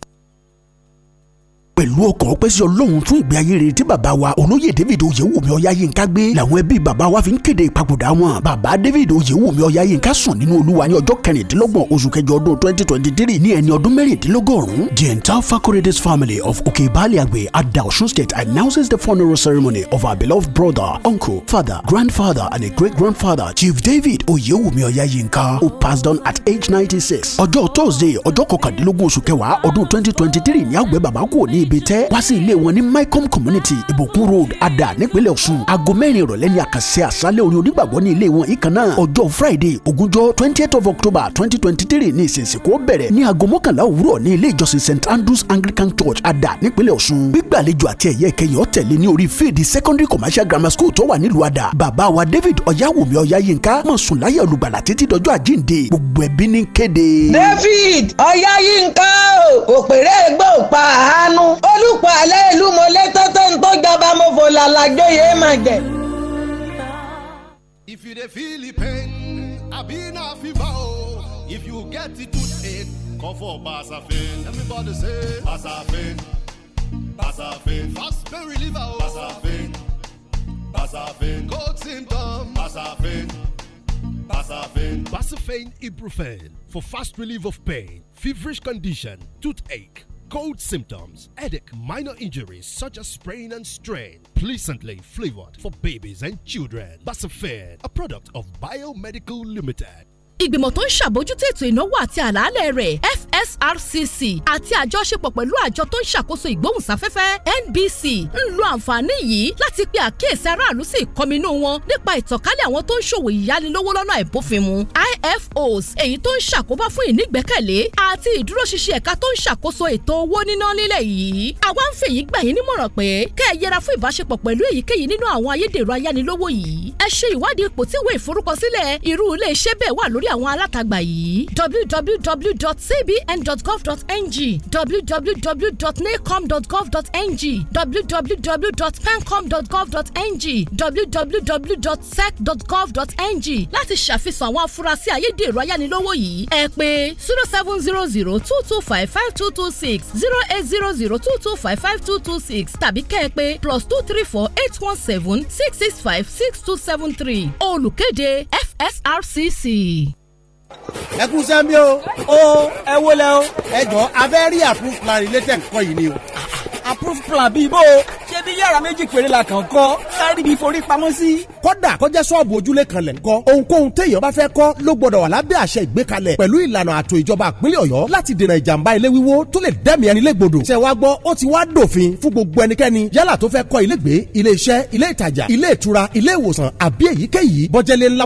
pẹ̀lú ọkàn ọpẹ́ sí ọlọ́run fún ìgbé ayé rere tí bàbá wa olóyè david Oyewumi oyèwùmí ọ̀yáyínká gbé làwọn ẹbí bàbá wa fi ń kéde ìpapòdà wọn bàbá david oyèwùmí ọ̀yáyínká sùn nínú olúwa ní ọjọ́ kẹrìndínlọ́gbọ̀n oṣù kẹjọ ọdún twenty twenty three ní ẹni ọdún mẹ́rìndínlọ́gọ́rùn-ún the entire fakoredes family of okebaligbe ada osun state announces the funeral ceremony of our beloved brother uncle father grandfather and a great grandfather chief david oyèwùmí ọ̀yáyínká who passed on at age ninety six ọjọ́ thursday ọjọ́ kọkàndínlógún oṣù kẹwàá ọdún twenty twenty three ní àgbẹ̀ bàbá kò ní bẹ́tẹ́ wá sí ilé wọn ní mycom community ìbùkún road ada nípínlẹ̀ ọ̀ṣun aago mẹ́rin ìrọ̀lẹ́ ní àkànṣe àṣálẹ̀ orin onígbàgbọ́ ní ilé wọn ìkan náà ọjọ́ friday ogúnjọ́ twentieth of october twenty twenty three ní ìsìnsìnkú bẹ̀rẹ̀ ní aago mọ́kànlá òwúrọ̀ ní ilé ìjọsìn st andrews anglican church ada nípínlẹ̀ ọ̀ṣun gbígbàlejò àti ẹ̀yẹ ìkẹyìn ọ̀tẹ̀lẹ̀ ní orí fíìdì secondary commercial grammar school tó wà nílùú ada bàbá wa david ọ̀yáwòmí ọ̀yáyínká mọ̀ sùn láyé olùgbàlà david ọ̀yáyínká òpèrè gbọ́ pa àánú olùpàlẹ́ ìlú mọ̀lẹ́ tẹ́tẹ́ ń tó jọba mo fò làlàjọ yéé mà jẹ. if you dey feel the pain abi na fever o if you get the toothache come for Basafen everybody say Basafen Basafen fast pain reliever o Basafen Basafen cold symptom Basafen. Basafen. Basafen Ibuprofen for fast relief of pain, feverish condition, toothache cold symptoms, headache, minor injuries such as sprain and strain. Pleasantly flavored for babies and children. Basafed, a product of Biomedical Limited. ìgbìmọ̀ tó ń ṣàbójútó ètò ìnáwó àti àlàálẹ̀ rẹ̀ FSRCC àti àjọṣepọ̀ pẹ̀lú àjọ tó ń ṣàkóso ìgbóhùnsáfẹ́fẹ́ NBC ń lo àǹfààní yìí láti pe àkíyèsí aráàlú sí ìkọminú wọn nípa ìtànkálẹ̀ àwọn tó ń ṣòwò ìyánilówó lọ́nà àìbófinmu IFOs èyí tó ń ṣàkóbá fún ìnígbẹ́kẹ̀lé àti ìdúróṣinṣin ẹ̀ka tó ń ṣàkóso ètò owó níná nílẹ̀ yìí àwa ń fèyí gbà yín nímọ̀ràn pé kẹ́ ẹ yẹra fún ìbáṣepọ̀ pẹ̀lú èyíkéyìí nínú àwọn ayédèrú ayánilówó yìí ẹ ṣe ìwádìí ipò tí ìwé ìforúkọsílẹ̀ irú ilé iṣẹ́ bẹ́ẹ̀ wà lórí lórí àwọn alátagbà yìí www.cbn.gov.ng www.nacom.gov.ng www.pencom.gov.ng www.sec.gov.ng láti ṣàfihàn àwọn afurasí ayédèrú ayánilówó yìí ẹ pè zero seven zero zero two two five five two two six zero eight zero zero two two five five two two six tàbí kẹ́ ẹ pè plus two three four eight one seven six six five six two seven three olùkéde FSRCC ẹ kú sẹ́mi o ó ẹ wo o ẹ jọ abẹ́ rí approved plan related kọ́ yìí ni o. approved plan bíi bó o ṣé bí yàrá méjì péré la kàn kọ́ sáré ibi forí pamọ́ sí. kódà kọjá ṣọ́ọ̀bù ojúlé kan lẹ̀ ń kọ́ ohunkóhun téèyàn bá fẹ́ kọ́ ló gbọ́dọ̀ wà lábẹ́ àṣẹ ìgbékalẹ̀ pẹ̀lú ìlànà àtò ìjọba àpínlẹ̀ ọ̀yọ́ láti dènà ìjàmbá ilé wíwó tó lè dẹ́mi ẹni légbodò. ṣé wàá gbọ́ ó ti wá dòfin fún gbogbo ẹnikẹ́ni yálà tó fẹ́ kọ́ ilé gbé ilé iṣẹ́ ilé ìtajà ilé ìtura ilé ìwòsàn àbí èyíkéyìí bọ́jẹ́lé ńlá